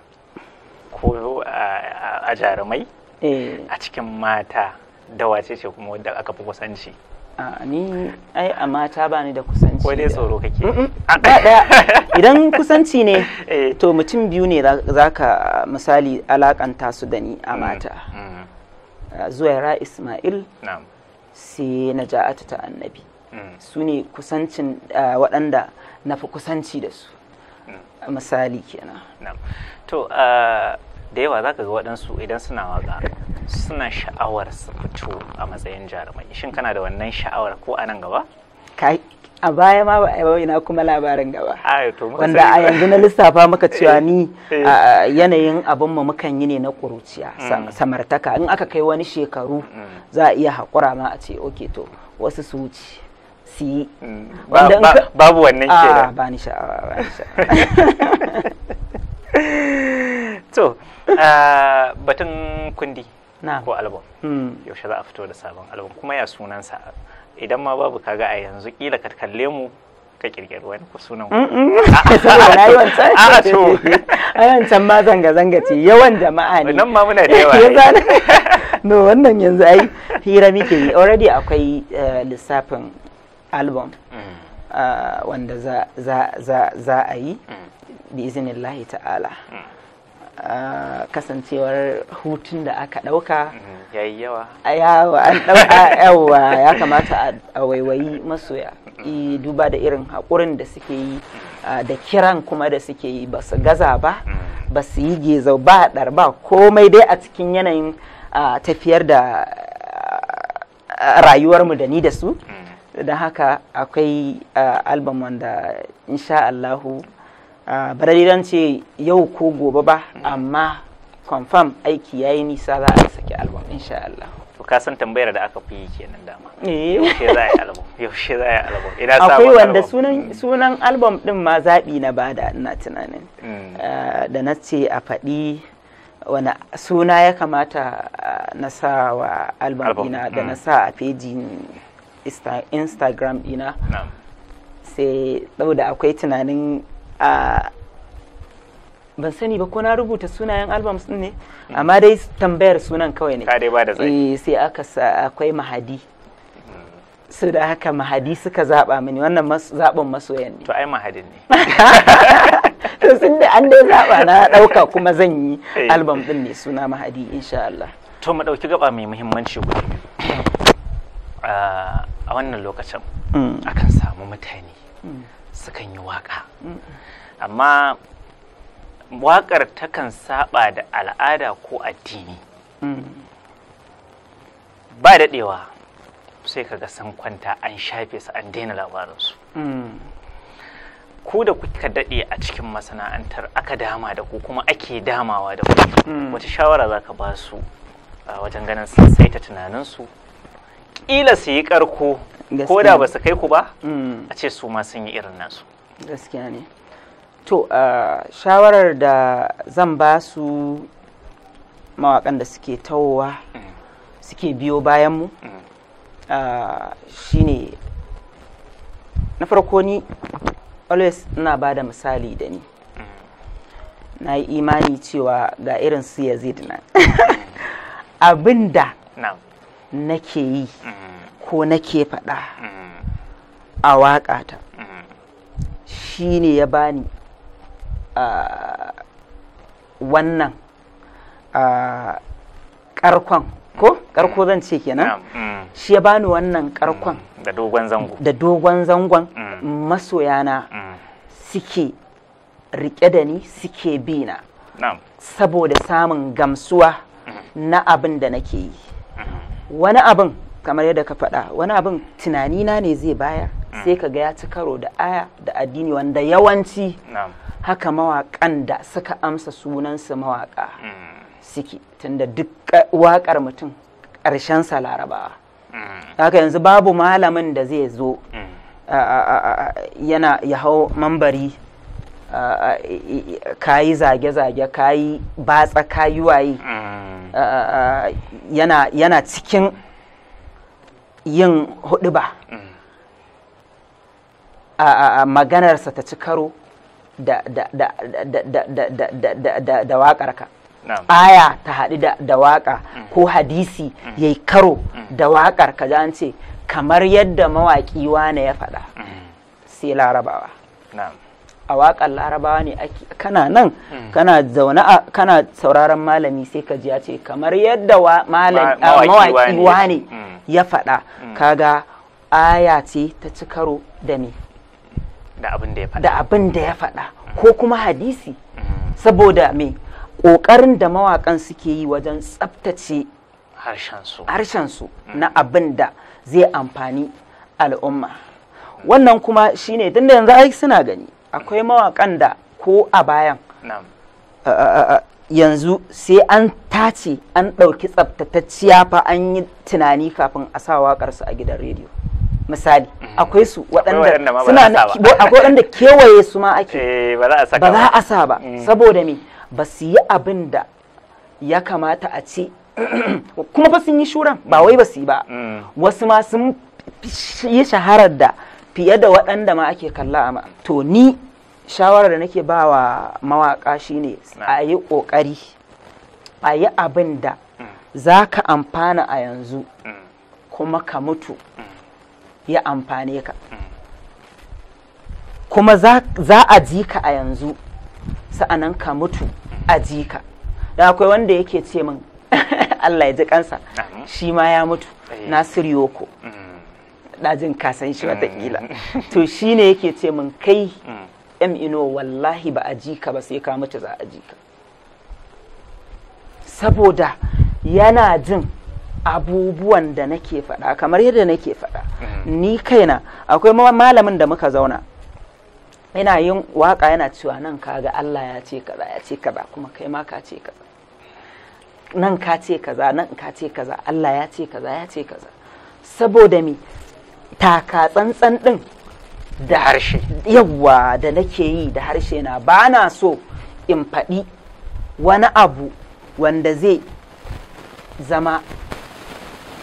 ko eh, a jarumai eh. a cikin mata da wace ce kuma wadda aka fi kusanci ni ai a mata ba ni da kusanci ko dai tsoro kake idan kusanci ne eh. to mutum biyu ne za ka misali alakanta su da ni a mm-hmm. mata mm-hmm. zuwaira ismail sai na ja'ata ta annabi mm. su ne kusancin waɗanda na fi kusanci da su misali kenan to uh, da yawa za ka ga waɗansu idan suna waka suna sha'awar su fito a matsayin jarumai shin kana da wannan sha'awar ko a nan gaba a baya ma ba a na kuma labarin gaba wanda a yanzu na lissafa maka cewa ni eh. yanayin abin mu mukan yi ne na kuruciya mm. samartaka in aka kai wani shekaru mm. za a iya haƙura ma a ce oke to wasu su wuce su yi mm. babu wannan ah, kenan ba ni sha'awa ba ni sha'awa to ah, batun kundi ko album hmm. yaushe za a fito da sabon album kuma ya sunansa idan ma babu kaga a yanzu kila ka kalle mu ka kirkiri wani ku sunan ku saboda na yi wancan a to a wancan ma zanga zanga ce yawan jama'a ne nan ma muna da yawa no wannan yanzu ai hira muke yi already akwai eh, lissafin album mm. uh, wanda za a yi mm. bi izinillahi ta'ala mm. uh, kasancewar hutun da aka ɗauka yawa an ya kamata a waiwayi masoya duba da irin haƙurin da suke yi uh, da kiran kuma da suke yi ba su gaza ba ba su yi gezo ba ɗar ba komai dai a cikin yanayin tafiyar da rayuwarmu da ni da su da haka akwai ah, album wanda insha Allahu ah, barariran ce yau ko gobe ba amma confirm aiki yayi nisa za a saki album insha Allah to ka san tambayar da aka fi kenan dama eh. yaushe za a yi album yaushe za a yi album ina sabon akwai wanda sunan mm. sunan album din ma zabi na bada ina tunanin mm. ah, da na ce a faɗi wani suna ya kamata na sa wa album da na mm. sa a fejin instagram dina sai saboda akwai tunanin a ban sani ba ko na rubuta sunayen albums din ne mm. amma dai tambayar sunan kawai ne eh, sai aka akwai mahadi mm. su da haka mahadi suka zaba mini wannan zaɓin masoyan ne to ai mahadin ne to sun da an dai zaba na ɗauka kuma zan yi eh. album din ne suna mahadi insha Allah to mu ɗauki gaba mai muhimmanci guda a wannan lokacin mm. akan samu mutane mm. sukan yi waka mm. amma wakar takan saba da al'ada ko addini ba daɗewa sai kaga san kwanta an shafe su an daina labaransu ku da kuka daɗe a cikin masana'antar aka dama da ku kuma ake damawa da ku wata shawara za ka ba su wajen ganin sun saita tunaninsu ƙila su yi ƙarko ko da ba su kai ku ba hmm. a ce su ma sun yi irin nasu gaskiya ne to shawarar da zan ba su mawakan da suke tawowa hmm. suke biyo bayan mu hmm. shine na farko ni always ina ba da misali da ni na yi imani cewa ga irin su yazid nan abinda nake yi mm. ko nake faɗa mm. a waƙata mm. shi ne ya bani wannan ƙarkon ko ƙarko zan ce kenan shi ya bani wannan ƙarkon da dogon zango da dogon zangon masoyana suke rike da ni suke bi na saboda samun gamsuwa na abin da nake yi wani abin kamar yadda ka faɗa wani abin na ne zai bayar sai ka ga ya ci karo da aya da addini wanda yawanci haka mawaƙan da suka amsa sunansu mawaƙa mm. suke tunda duk waƙar mutum ƙarshensa larabawa mm. haka yanzu babu malamin da zai zo mm. yana ya hau mambari kayi zage-zage kayi batsa kayi waye yana cikin yin huduba maganarsa ta ci karo da waƙarka aya ta haɗu da waƙa ko hadisi ya yi karo da waƙarka, ka ce kamar yadda mawaƙi wane ya faɗa sai larabawa a waƙar larabawa ne kana nan hmm. kana zaune a kana sauraron malami sai ka ji ya ce kamar yadda mawaƙi ne hmm. ya faɗa hmm. kaga aya ce ta ci karo da me da abin da ya faɗa ko kuma hadisi saboda me ƙoƙarin da mawakan suke yi wajen tsaftace harshensu na abin da zai amfani al'umma wannan kuma shine tunda yanzu ai suna gani akwai mawakan da ko a bayan yanzu sai an tace an ɗauki tsabtatacciya fa an yi tunani kafin a sa waƙarsu a gidan rediyo misali mm. akwai su waɗanda suna akwai waɗanda kewaye su ma ake eh, ba za a sa ba mm. saboda me ba su yi abin da ya kamata a ce kuma ba sun yi shuran ba mm. wai ba su yi ba wasu ma sun yi shaharar da fiye da waɗanda ma ake kalla a to ni shawarar da nake ba wa mawaƙa shine a yi ƙoƙari a yi abin da mm. za ka amfana a yanzu mm. kuma ka mutu mm. ya amfane ka kuma za a ji ka a yanzu sa'anan ka mutu a ji ka da akwai wanda yake ce min Allah ya ji kansa shi ma ya mutu eh. Nasiru Yoko dajin kasan shi watakila eh. to shi ne yake ce min kai hmm. yan ino wallahi ba a ji ka ba sai ka mutu za a ji ka saboda yana jin abubuwan da nake faɗa kamar yadda nake faɗa hmm. ni kaina akwai malamin da muka zauna yana yin waka yana cewa nan kaga Allah ya ce kaza ya ce kaza kuma kai ma ka ce kaza nan ka ce kaza nan ka ce kaza Allah ya ce kaza ya ce kaza saboda me taka tsantsan ɗin da harshe yawa da nake yi da harshe na ba na so in faɗi wani abu wanda zai zama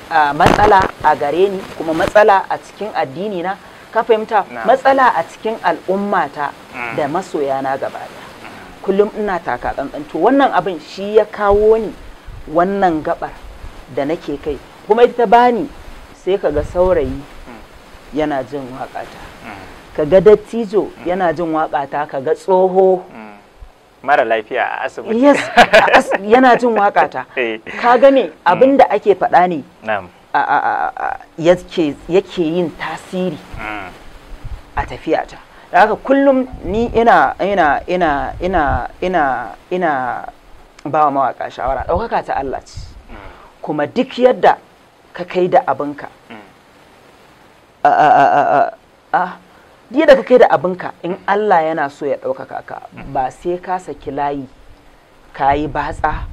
a matsala a gare ni kuma matsala a cikin addini na ka fahimta matsala a cikin al'ummata mm. da na gaba da kullum ina taka tsantsan to wannan abin shi ya kawo ni wannan gabar da nake kai kuma ita ta bani sai ka ga saurayi yana jin waƙata mm. ka ga dattijo mm. yana jin waƙata ka ga tsoho mm. mara lafiya a asibiti yes yana jin waƙata eh. ka gane abinda ake faɗa ne yake yin tasiri a tafiyata da haka kullum ni ina ina ina ina ina ina ba wa mawaƙa shawara ɗaukaka ta Allah ce kuma duk yadda ka kai da abinka diya da kai da abinka in Allah yana so ya ɗaukaka ka ba sai ka saki layi ka yi batsa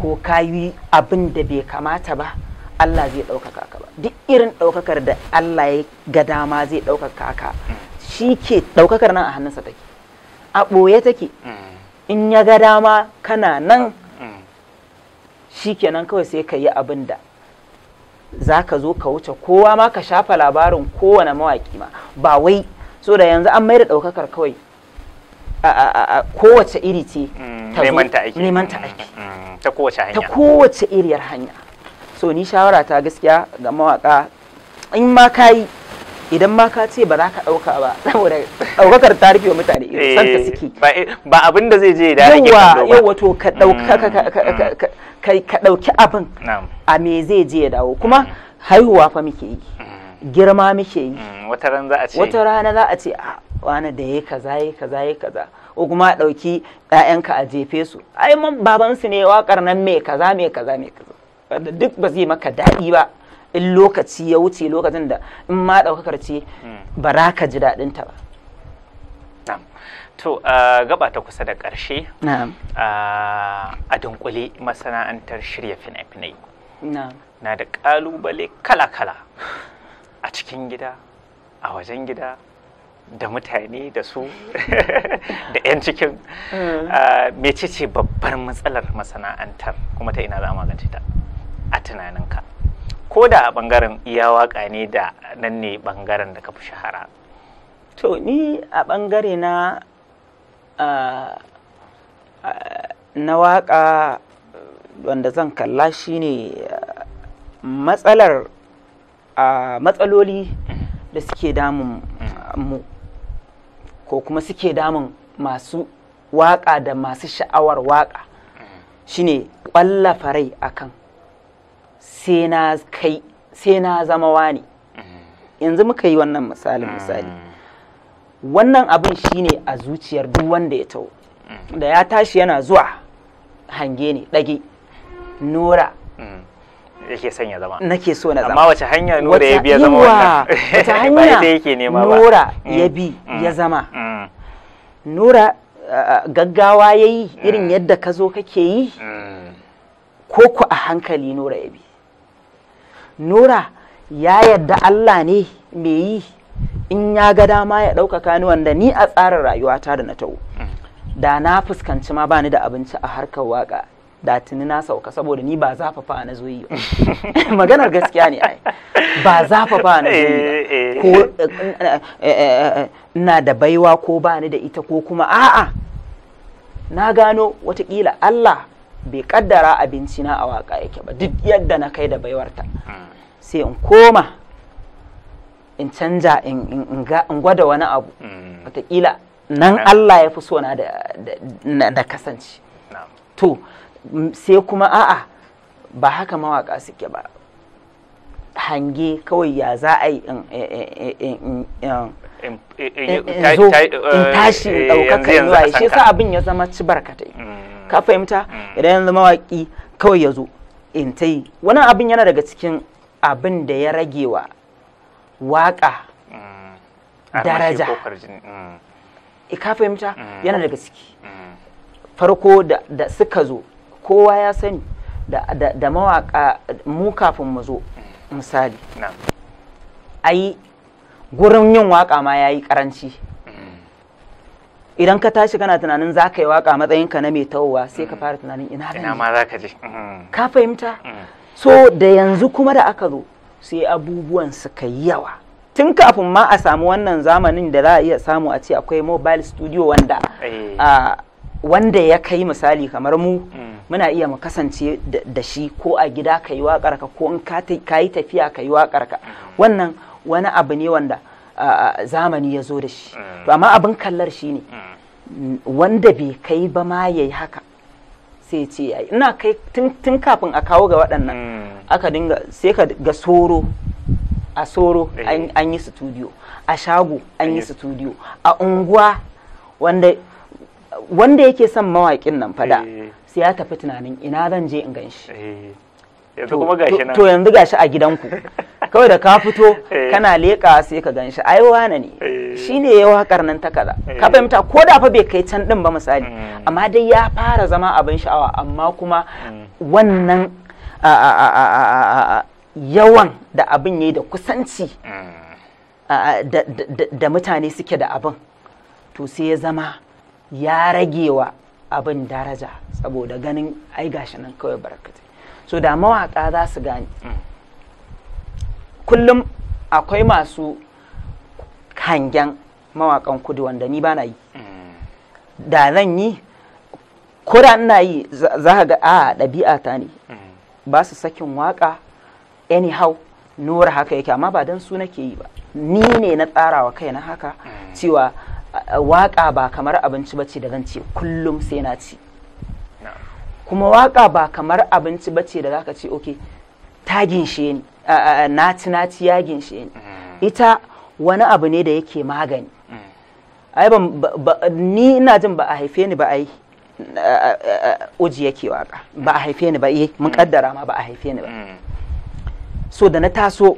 ko ka yi abin da bai kamata ba Allah zai ɗaukaka ka ba duk irin ɗaukakar da Allah ya ga dama zai ɗaukaka ka shi ke ɗaukakar nan a hannunsa take a ɓoye take in ya ga dama kana nan mm. shi kenan kawai sai ka yi abin da za ka zo ka wuce kowa ma ka shafa labarin kowane mawaƙi ma ba wai so da yanzu an maida ɗaukakar kawai a kowace iri ce mm, neman ta aiki mm, mm, ta kowace iriyar hanya so ni shawara ta gaskiya ga mawaƙa in ma ka yi idan ma ka ce ba za ka ɗauka ba saboda ɗaukakar ta rufe wa mutane eh, san ta suke eh, ba abin da zai je da rage yawa yawa to ka ɗauki abin a me zai je ya dawo kuma haihuwa fa muke yi mm. girma muke yi mm, wata rana za a ce wata rana za a ce ah, wani da ya kaza ya kaza ya kaza ko kuma a ɗauki ƴaƴanka a jefe su ai man babansu ne waƙar nan me kaza me kaza me kaza duk ba zai maka daɗi ba in lokaci ya wuce lokacin da in ma ɗaukakar ce hmm. ba za ka ji daɗin ta ba to gaba ta kusa da ƙarshe a dunkule masana'antar shirya fina-finai na da ƙalubale kala-kala a cikin gida a wajen gida da mutane da su da 'yan cikin hmm. mecece babbar matsalar masana'antar kuma ta ina za a magance ta a tunaninka ko da a bangaren iya waka ne da nan ne bangaren da ka fi shahara to ni a bangare na na waka wanda zan kalla shine matsalar matsaloli da suke damun mu ko kuma suke damun masu waka da masu sha'awar waka shine ƙwallafa rai akan sai na kai sai na zama wani yanzu muka yi wannan misali mm. misali wannan abin shine a zuciyar duk wanda ya taho mm. da ya tashi yana zuwa hange ne ɗage nora mm. yake son ya zama nake so na zama amma wace hanya nora ya bi ya zama wannan wace hanya yake nema ba nora ya bi ya zama nora gaggawa yayi irin yadda ka zo kake yi ko ku a hankali nora ya bi nura ya yadda Allah ne mai yi in ya ga dama ya ɗaukaka ni wanda ni a tsarin rayuwata da na ta'u mm. da na fuskanci ma bani da abinci a harkar waka da tuni na sauka saboda ni ba zafafa na zo yi maganar gaskiya ne ai ba zafafa na zo yi eh, eh, eh. na da baiwa ko bani da ita ko kuma a'a na gano watakila Allah bai kaddara abinci na a waka yake ba duk yadda na kai da baiwarta ah. sai in koma in canja in gwada wani abu mm. wataƙila nan eh? Allah ya fi sona da kasance to mm, sai kuma a'a ba haka mawaka suke ba hange kawai ya za a yi in tashi in eh, ɗaukaka yi shi sa abin ya zama ci barkatai mm. ka fahimta mm. idan yanzu mawaƙi kawai ya zo in ta yi wani abin yana daga cikin abin da ya rage wa waƙa mm. daraja mm. eh, ka fahimta yana daga ciki farko da suka zo kowa ya sani da mawaƙa mu kafin mu zo misali ai gurin yin waka ma ya yi karanci. idan ka tashi kana tunanin za ka yi waka matsayin ka na mai tawowa sai ka mm. fara tunanin ina ina ma za ka je mm. ka fahimta mm. so da yanzu kuma da aka zo sai abubuwan su yi yawa tun kafin ma a samu wannan zamanin da za a iya samu a ce akwai mobile studio wanda eh. wanda ya kai misali kamar mu muna iya mu kasance da shi ko a gida ka yi waƙarka ko in ka yi tafiya ka yi waƙarka wannan wani abu ne wanda zamani ya zo da shi eh. to amma abin kallar shi ne eh. wanda bai kai ba ma ya yi haka sai ce ina kai tun kafin a kawo ga waɗannan hmm. aka dinga sai ka ga soro a soro eh. an yi studio a shago an yi studio a unguwa wanda wanda yake son mawaƙin nan fada sai ya tafi tunanin ina zan je in gan shi yanzu kuma gashi nan to yanzu gashi a gidanku kawai da ka fito eh. kana leƙa sai ka ganshi ai wane ne eh. shine yawa wakar nan ta kaza ka eh. fahimta ko da fa bai kai can din ba misali mm. amma dai ya fara zama abin sha'awa amma kuma mm. wannan yawan da abin yayi da kusanci mm. da mutane suke da abin to sai ya zama ya ragewa abin daraja saboda ganin ai gashi nan kawai barkatai so da mawaƙa za su gane kullum akwai masu hangen mawaƙan kudu wanda ni ba na yi da zan yi kura na yi za ga a ɗabi'a ta ne ba su sakin waƙa anyhow nura haka yake amma ba don su nake yi ba ni ne na tsarawa na haka cewa waƙa ba kamar abinci ba ce da zan ce kullum sai na ci kuma waka ba kamar abinci bace da za ka ce okay ta ginshe ni na ci, ya ginshe ni mm. ita wani abu ne da yake magani mm. ai ni ina jin ba a haife ni ba ai uji yake waka ba a haife ni ba eh mun kaddara mm. ma ba a haife ni ba so da na taso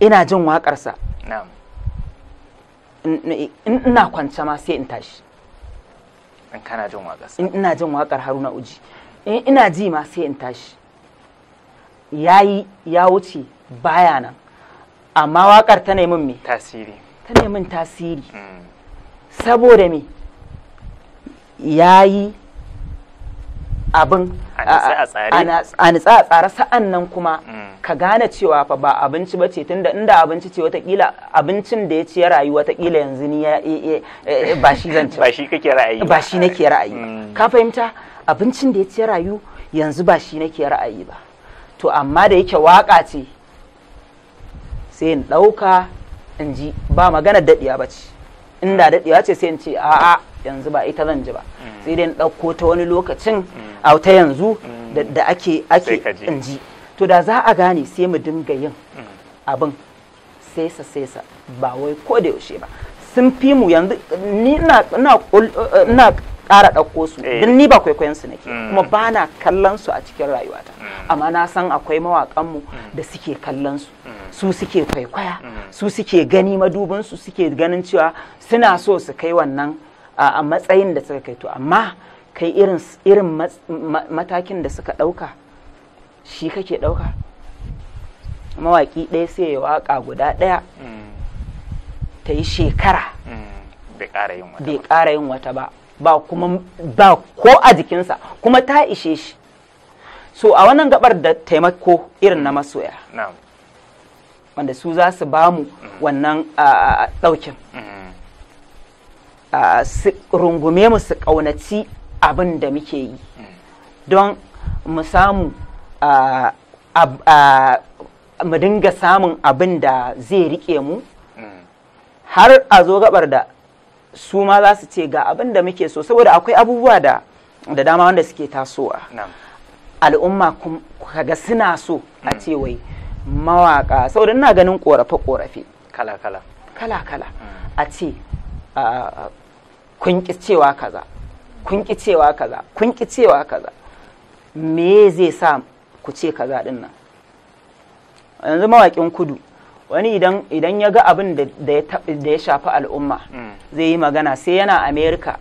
ina jin wakarsa waƙarsa ina kwance ma sai in tashi in kana jin sa in ina jin waƙar haruna uji in ina ji ma sai in tashi yayi ya wuce baya nan amma waƙar ta nemi me tasiri ta min tasiri mm. saboda me yayi abin a nitsa a tsare sa'an nan kuma mm. ka gane cewa fa ba abinci ba ce tunda inda abinci ce watakila abincin da ya ci ya rayu watakila yanzu ni ya eh, eh, eh, ba shi zan ci ba shi kake ra'ayi ba shi nake ra'ayi mm. ka fahimta abincin da ya ci ya rayu yanzu ba shi nake ra'ayi ba to amma da yake waka ce sai in dauka in ji ba magana daɗiya ba ce inda dadiya ce sai in ce a'a yanzu ba ita zan ji ba mm. sai dai in dauko ta wani lokacin mm. a wata yanzu da ake ake in ji to da za a gane sai mu dinga yin abin sesa sesa ba wai ko da yaushe ba sun fi mu yanzu ni na ƙara ɗauko su eh. don ni ba kwaikwayon su nake mm. kuma ba na kallon su a cikin rayuwata mm. amma na san akwai mu mm. da suke kallon su su suke kwaikwaya su suke gani madubin su suke ganin cewa suna so su kai wannan a matsayin da suka kai to amma kai irin matakin da suka ɗauka shi kake ɗauka mawaki ɗaya sai ya waka guda ɗaya ta yi shekara bai ƙara yin wata ba ba kuma ba ko a jikinsa kuma ta ishe shi so a wannan gabar da taimako irin na masoya wanda su za su bamu mm-hmm. wannan ɗaukin mm-hmm. su rungume mu su ƙaunaci abin da muke yi mm. don mu samu mu dinga samun abin da zai rike mu har a zo gabar da su ma za su ce ga abin da muke so saboda akwai abubuwa da da dama wanda suke tasowa al'umma kaga suna so a mm. ce wai mawaka saboda ina ganin korafe korafe kala kala kala kala mm. a ce kun ki cewa kaza kun ki cewa kaza kun ki cewa kaza me zai sa ku ce kaza din nan yanzu mawaƙin kudu wani idan ya ga abin da ya shafi al'umma mm. zai yi magana sai yana amerika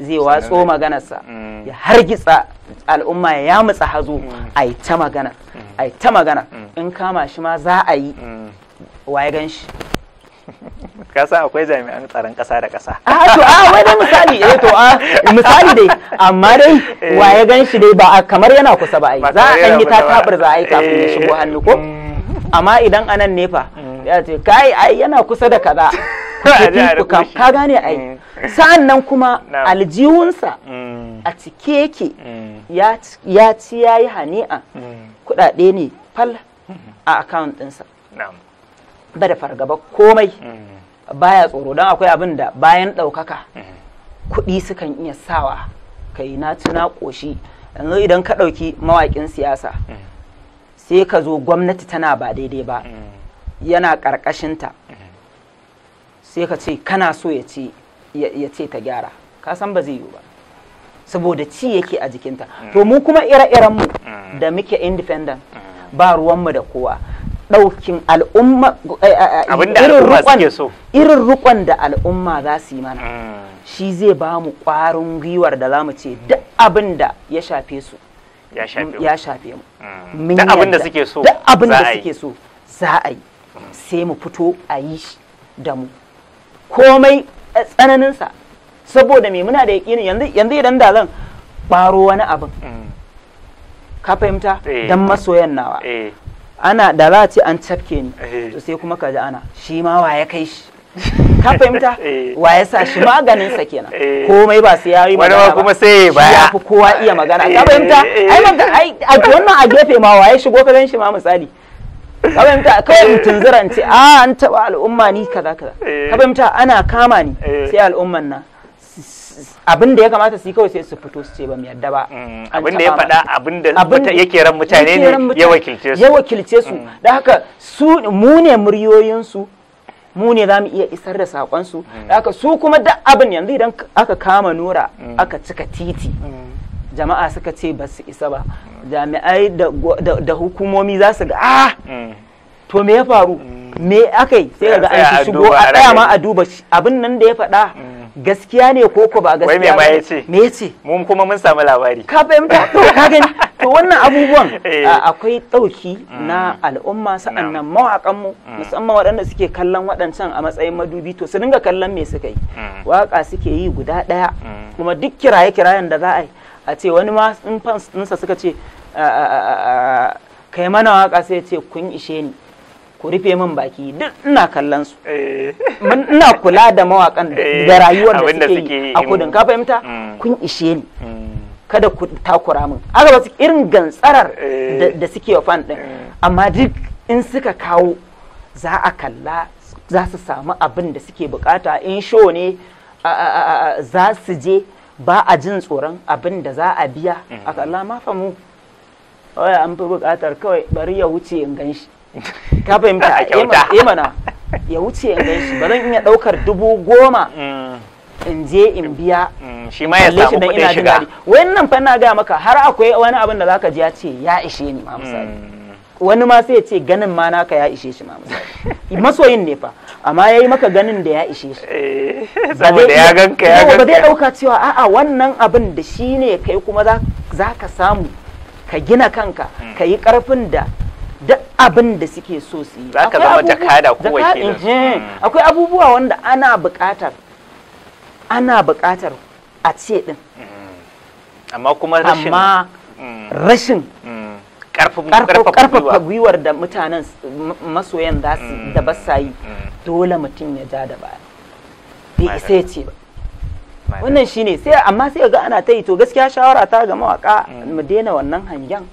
zai watso maganarsa mm. ya hargitsa al'umma ya yamutsa hazo a yi magana a yi ta magana mm. in kama shi ma za a yi waye gan shi ka sa akwai jami'an tsaron ƙasa da ƙasa a ah, to a ah, wai dai misali eh to a ah, misali dai amma dai eh. wa ya gan shi dai ba kamar yana kusa ba ai za a ɗan yi ta tabar za a yi kafin ya eh. shigo hannu ko mm. amma idan anan ne fa mm. ya ce kai ai yana kusa da kaza ka gane ai mm. sa'an nan kuma aljihunsa a cike yake ya ci ya yi hani'a kudade ne fal a account ɗinsa ba da fargaba komai mm. baya tsoro don akwai abin da bayan ɗaukaka mm. kuɗi sukan iya sawa kai na tuna ƙoshi yanzu idan ka ɗauki mawaƙin siyasa mm. sai ka zo gwamnati tana ba daidai ba yana ƙarƙashinta sai ka ce kana so ya ce ta gyara ka san ba zai yiwu ba saboda ci yake a jikinta to mu kuma ire iren mu da muke independent ba ruwanmu da kowa ɗaukin al'umma eh, eh, eh, irin rukon da al'umma za su yi mana mm. shi zai ba mu ƙwarin gwiwar da za mu ce mm. duk abin da ya shafe su ya shafe mu mm. duk abin da suke so so za a yi sai mu fito a yi shi da mu komai tsananinsa saboda me muna da yaƙini yanzu idan da zan ɓaro wani abin ka fahimta don masoyan nawa ana da za a ce an cafke ni eh. to sai kuma ka ji ana shi ma wa ya kai shi ka fahimta eh. wa ya sa shi maganin sa kenan eh. komai ba sai ya yi magana ba kuma sai baya ya fi kowa iya magana ka fahimta ai magana ai a wannan a gefe ma wa ya shigo ka shi ma misali ka fahimta kai mutun ziran ce a ah, an taba al'umma ni kaza kaza ka fahimta ana kama ni sai al'umman nan abin da ya kamata su yi kawai sai su fito su ce ba mu yadda ba mm, abin da ya faɗa abin da yake ran mutane ne ya wakilce su ya wakilce su mm. da haka su mu ne muryoyin su mu ne za mu iya isar da sakon su mm. da haka su kuma da abin yanzu idan aka kama nura aka cika titi jama'a suka ce ba su isa ba jami'ai da hukumomi za su ga ah to me ya faru me aka yi sai ga an shigo a tsaya ma a duba abin nan da ya faɗa gaskiya ne ko ko ba gaskiya wai ba yace me yace mun kuma mun samu labari ka fahimta to ka gani to wannan abubuwan eh. akwai dauki mm. na al'umma sa'annan mawakan mu mm. musamman waɗanda suke kallon waɗancan a matsayin madubi to su dinga kallon me suka yi mm. waka suke yi guda ɗaya kuma duk kiraye kirayen da za a yi a ce wani ma in fans ɗinsa suka ce kai mana waka sai ce kun ishe ni ku rufe min baki duk ina kallon su eh. ina kula da mawakan eh, da rayuwar da suke yi a kudin ka fahimta mm. kun ishe ni mm. kada ku takura min aka wasu irin gantsarar eh. da suke wa fan din mm. amma duk in suka kawo za a kalla za su samu abin da suke bukata in show ne za su je ba a jin tsoron abin da za a biya a kalla ma famu an fi bukatar kawai bari ya wuce in gan shi ka fahimta a eh eh mana ya wuce in ganshi ba zan iya ɗaukar dubu goma mm. in je in biya mm, shi ma ya samu kudin shiga wannan fa na gaya maka har akwai wani abin da zaka ji ya ce ya ishe ni ma misali mm. wani ma sai ya ce ganin ma naka ya ishe shi ma misali masoyin ne fa amma yayi maka ganin da ya ishe shi eh, saboda ya ganka ya ganka ba zai dauka cewa a'a wannan abin da shi ne kai kuma za ka samu ka gina kanka ka yi karfin da duk abin da suke so su yi zaka zama jakada ko ke eh, hmm. akwai abubuwa wanda ana buƙatar ana buƙatar a ce din hmm. amma kuma rashin amma hmm. rashin karfafa gwiwar da mutanen masoyan za su da ba sa yi dole mutum ya ja da baya bai isa ya ce ba wannan shine sai amma sai ga ana ta yi to gaskiya shawara ta ga mawaka mu daina wannan hangen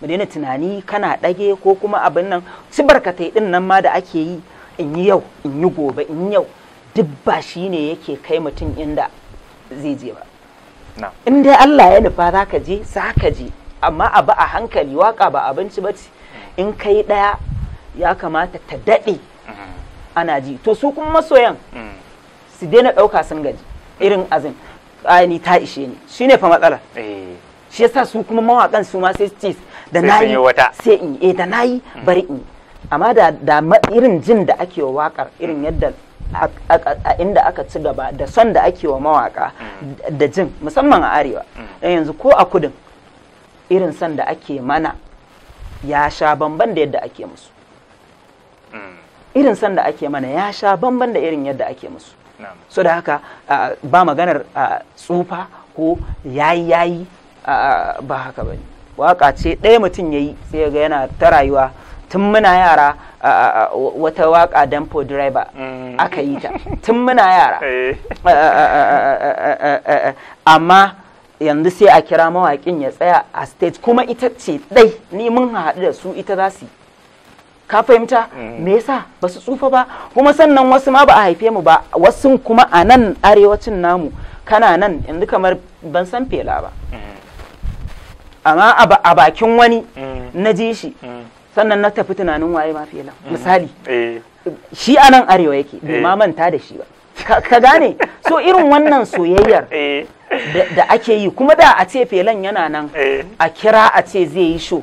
mu daina tunani kana ɗage ko kuma abin nan su barkatai ɗin nan ma da ake yi in yi yau in yi gobe in yau duk ba shi ne yake kai mutum inda zai je ba in dai Allah ya nufa za ka je za ka je amma abu a hankali waka ba abinci ba ce in kai ɗaya ya kamata ta daɗe mm-hmm. ana ji to su kuma masoyan mm. su daina ɗauka sun gaji irin azin ni ta ishe ni shine fa matsala eh. shi yasa su kuma mawaƙan su ma sai da nayi sai in eh da nayi mm. bari in amma da da irin jin da ake wa wakar irin yadda a inda aka ci gaba da son da ake wa mawaka mm. da jin musamman a arewa mm. dan yanzu ko a kudin irin son da ake mana ya sha bamban da yadda ake musu irin son da ake mana ya sha bamban da irin yadda ake musu so da haka ba maganar tsufa ko yayi yayi ba haka bane waka ce ɗaya mutum ya yi sai ga yana ta rayuwa tun muna yara wata waka danfo driver mm. aka yi ta tun muna yara amma yanzu sai a kira mawaƙin ya tsaya a stage kuma ita ce ɗai ni mun haɗu da su ita za su ka fahimta mm. me yasa ba su tsufa ba kuma sannan wasu ma ba a haife mu ba wasu kuma a nan arewacin namu kana nan yanzu kamar ban san fela ba mm. amma a bakin wani mm. na ji shi mm. sannan na tafi tunanin waye ma fiye mm. misali eh. shi a nan arewa yake bai ma eh. manta da shi ba ka gane so irin wannan soyayyar eh. da ake yi kuma da a ce felan yana nan a kira a ce zai yi sho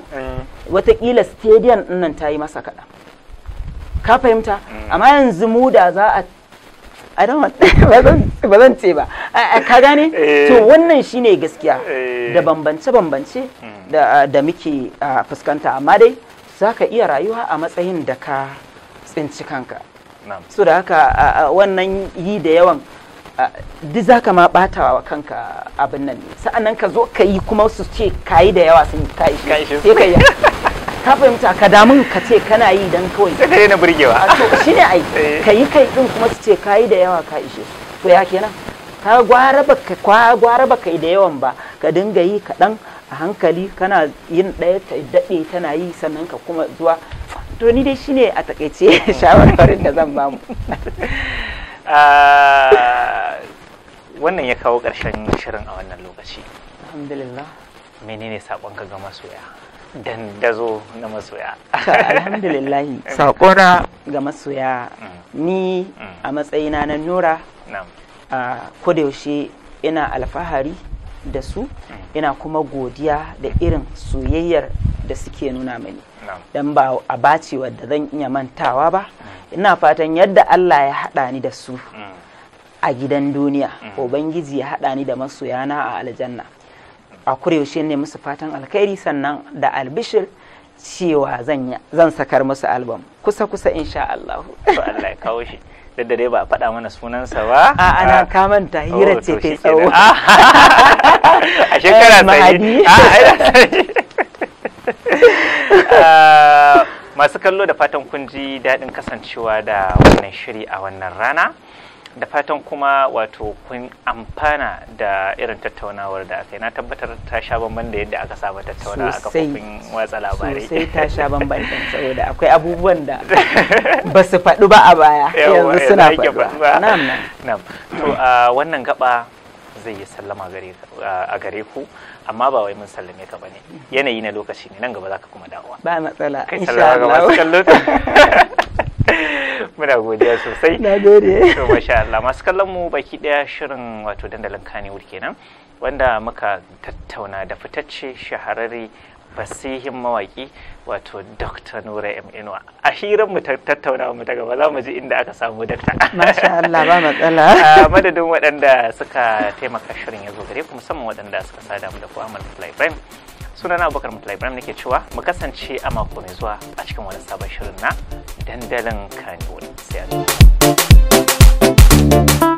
watakila stadium nan ta yi masa kaɗan ka fahimta amma yanzu mu da za a I don't ba zan ce ba ka gane eh. to wannan shine gaskiya eh. da bambance bambance da muke fuskanta amma dai zaka iya rayuwa a matsayin da ka tsinci kanka so da haka wannan yi da yawan duk za ka ma bata wa kanka abin nan ne nan ka zo ka yi kuma su ce ka yi da yawa sun ka yi ka fahimta ka damun ka ce kana yi dan kawai sai ka burgewa to ne ai eh. ka kai din kuma su ce ka da yawa ka ishe to ya kenan ka gwara baka ka gwara baka da yawan ba ka dinga yi ka kaɗan a hankali kana yin ɗaya ta daɗe tana yi sannan ka kuma zuwa to ni dai shine a takaice shawarwarin da zan ba bamu ah, wannan ya kawo ƙarshen shirin a wannan lokaci alhamdulillah menene saƙonka ga masoya dandazo na masoya alhamdulillah saƙona ga masoya mm. ni mm. a matsayina na nura a kodayaushe ina alfahari da su mm. ina kuma godiya da irin soyayyar da suke nuna mani don ba a bace wadda zan iya mantawa ba ina fatan yadda allah ya haɗa ni da su a gidan duniya ubangiji ya haɗa ni da masoyana a aljanna a kuryaushe ne musu fatan alkhairi sannan da albishir cewa zan sakar musu albam kusa kusa insha Allah Allah ya kawo shi da ba a faɗa mana sunansa ba a ana ta oh, hira ce ta tsawo a shekara sani ah, ah, masu kallo da fatan kun ji daɗin kasancewa da wannan shiri a wannan rana da fatan kuma wato kun amfana da irin tattaunawar da aka yi na tabbatar ta sha bamban da yadda aka saba tattauna a kafofin watsa labarai sosai ta sha bamban din saboda akwai abubuwan da ba su faɗu ba a baya yanzu suna faɗuwa na'am na'am to a wannan gaba zai yi sallama a gare ku amma ba wai mun sallame ka bane yanayi na lokaci ne nan gaba za ka kuma dawowa ba matsala insha Allah muna godiya sosai na gode to masha Allah masu kallon mu baki daya shirin wato dandalin Kannywood kenan wanda muka tattauna da fitacce shahararre fasihin mawaki wato Dr. Nura M. Inuwa. A hirar mu tattauna mu ta gaba za mu ji inda aka samu dakta. Masha Allah ba matsala. madadin waɗanda suka taimaka shirin ya zo gare ku musamman waɗanda suka sada mu da ku Ahmad Ibrahim. sunana bakar mutu ibrahim nake cewa mu kasance a mako mai zuwa a cikin wani sabon shirin na dandalin kanewar sai a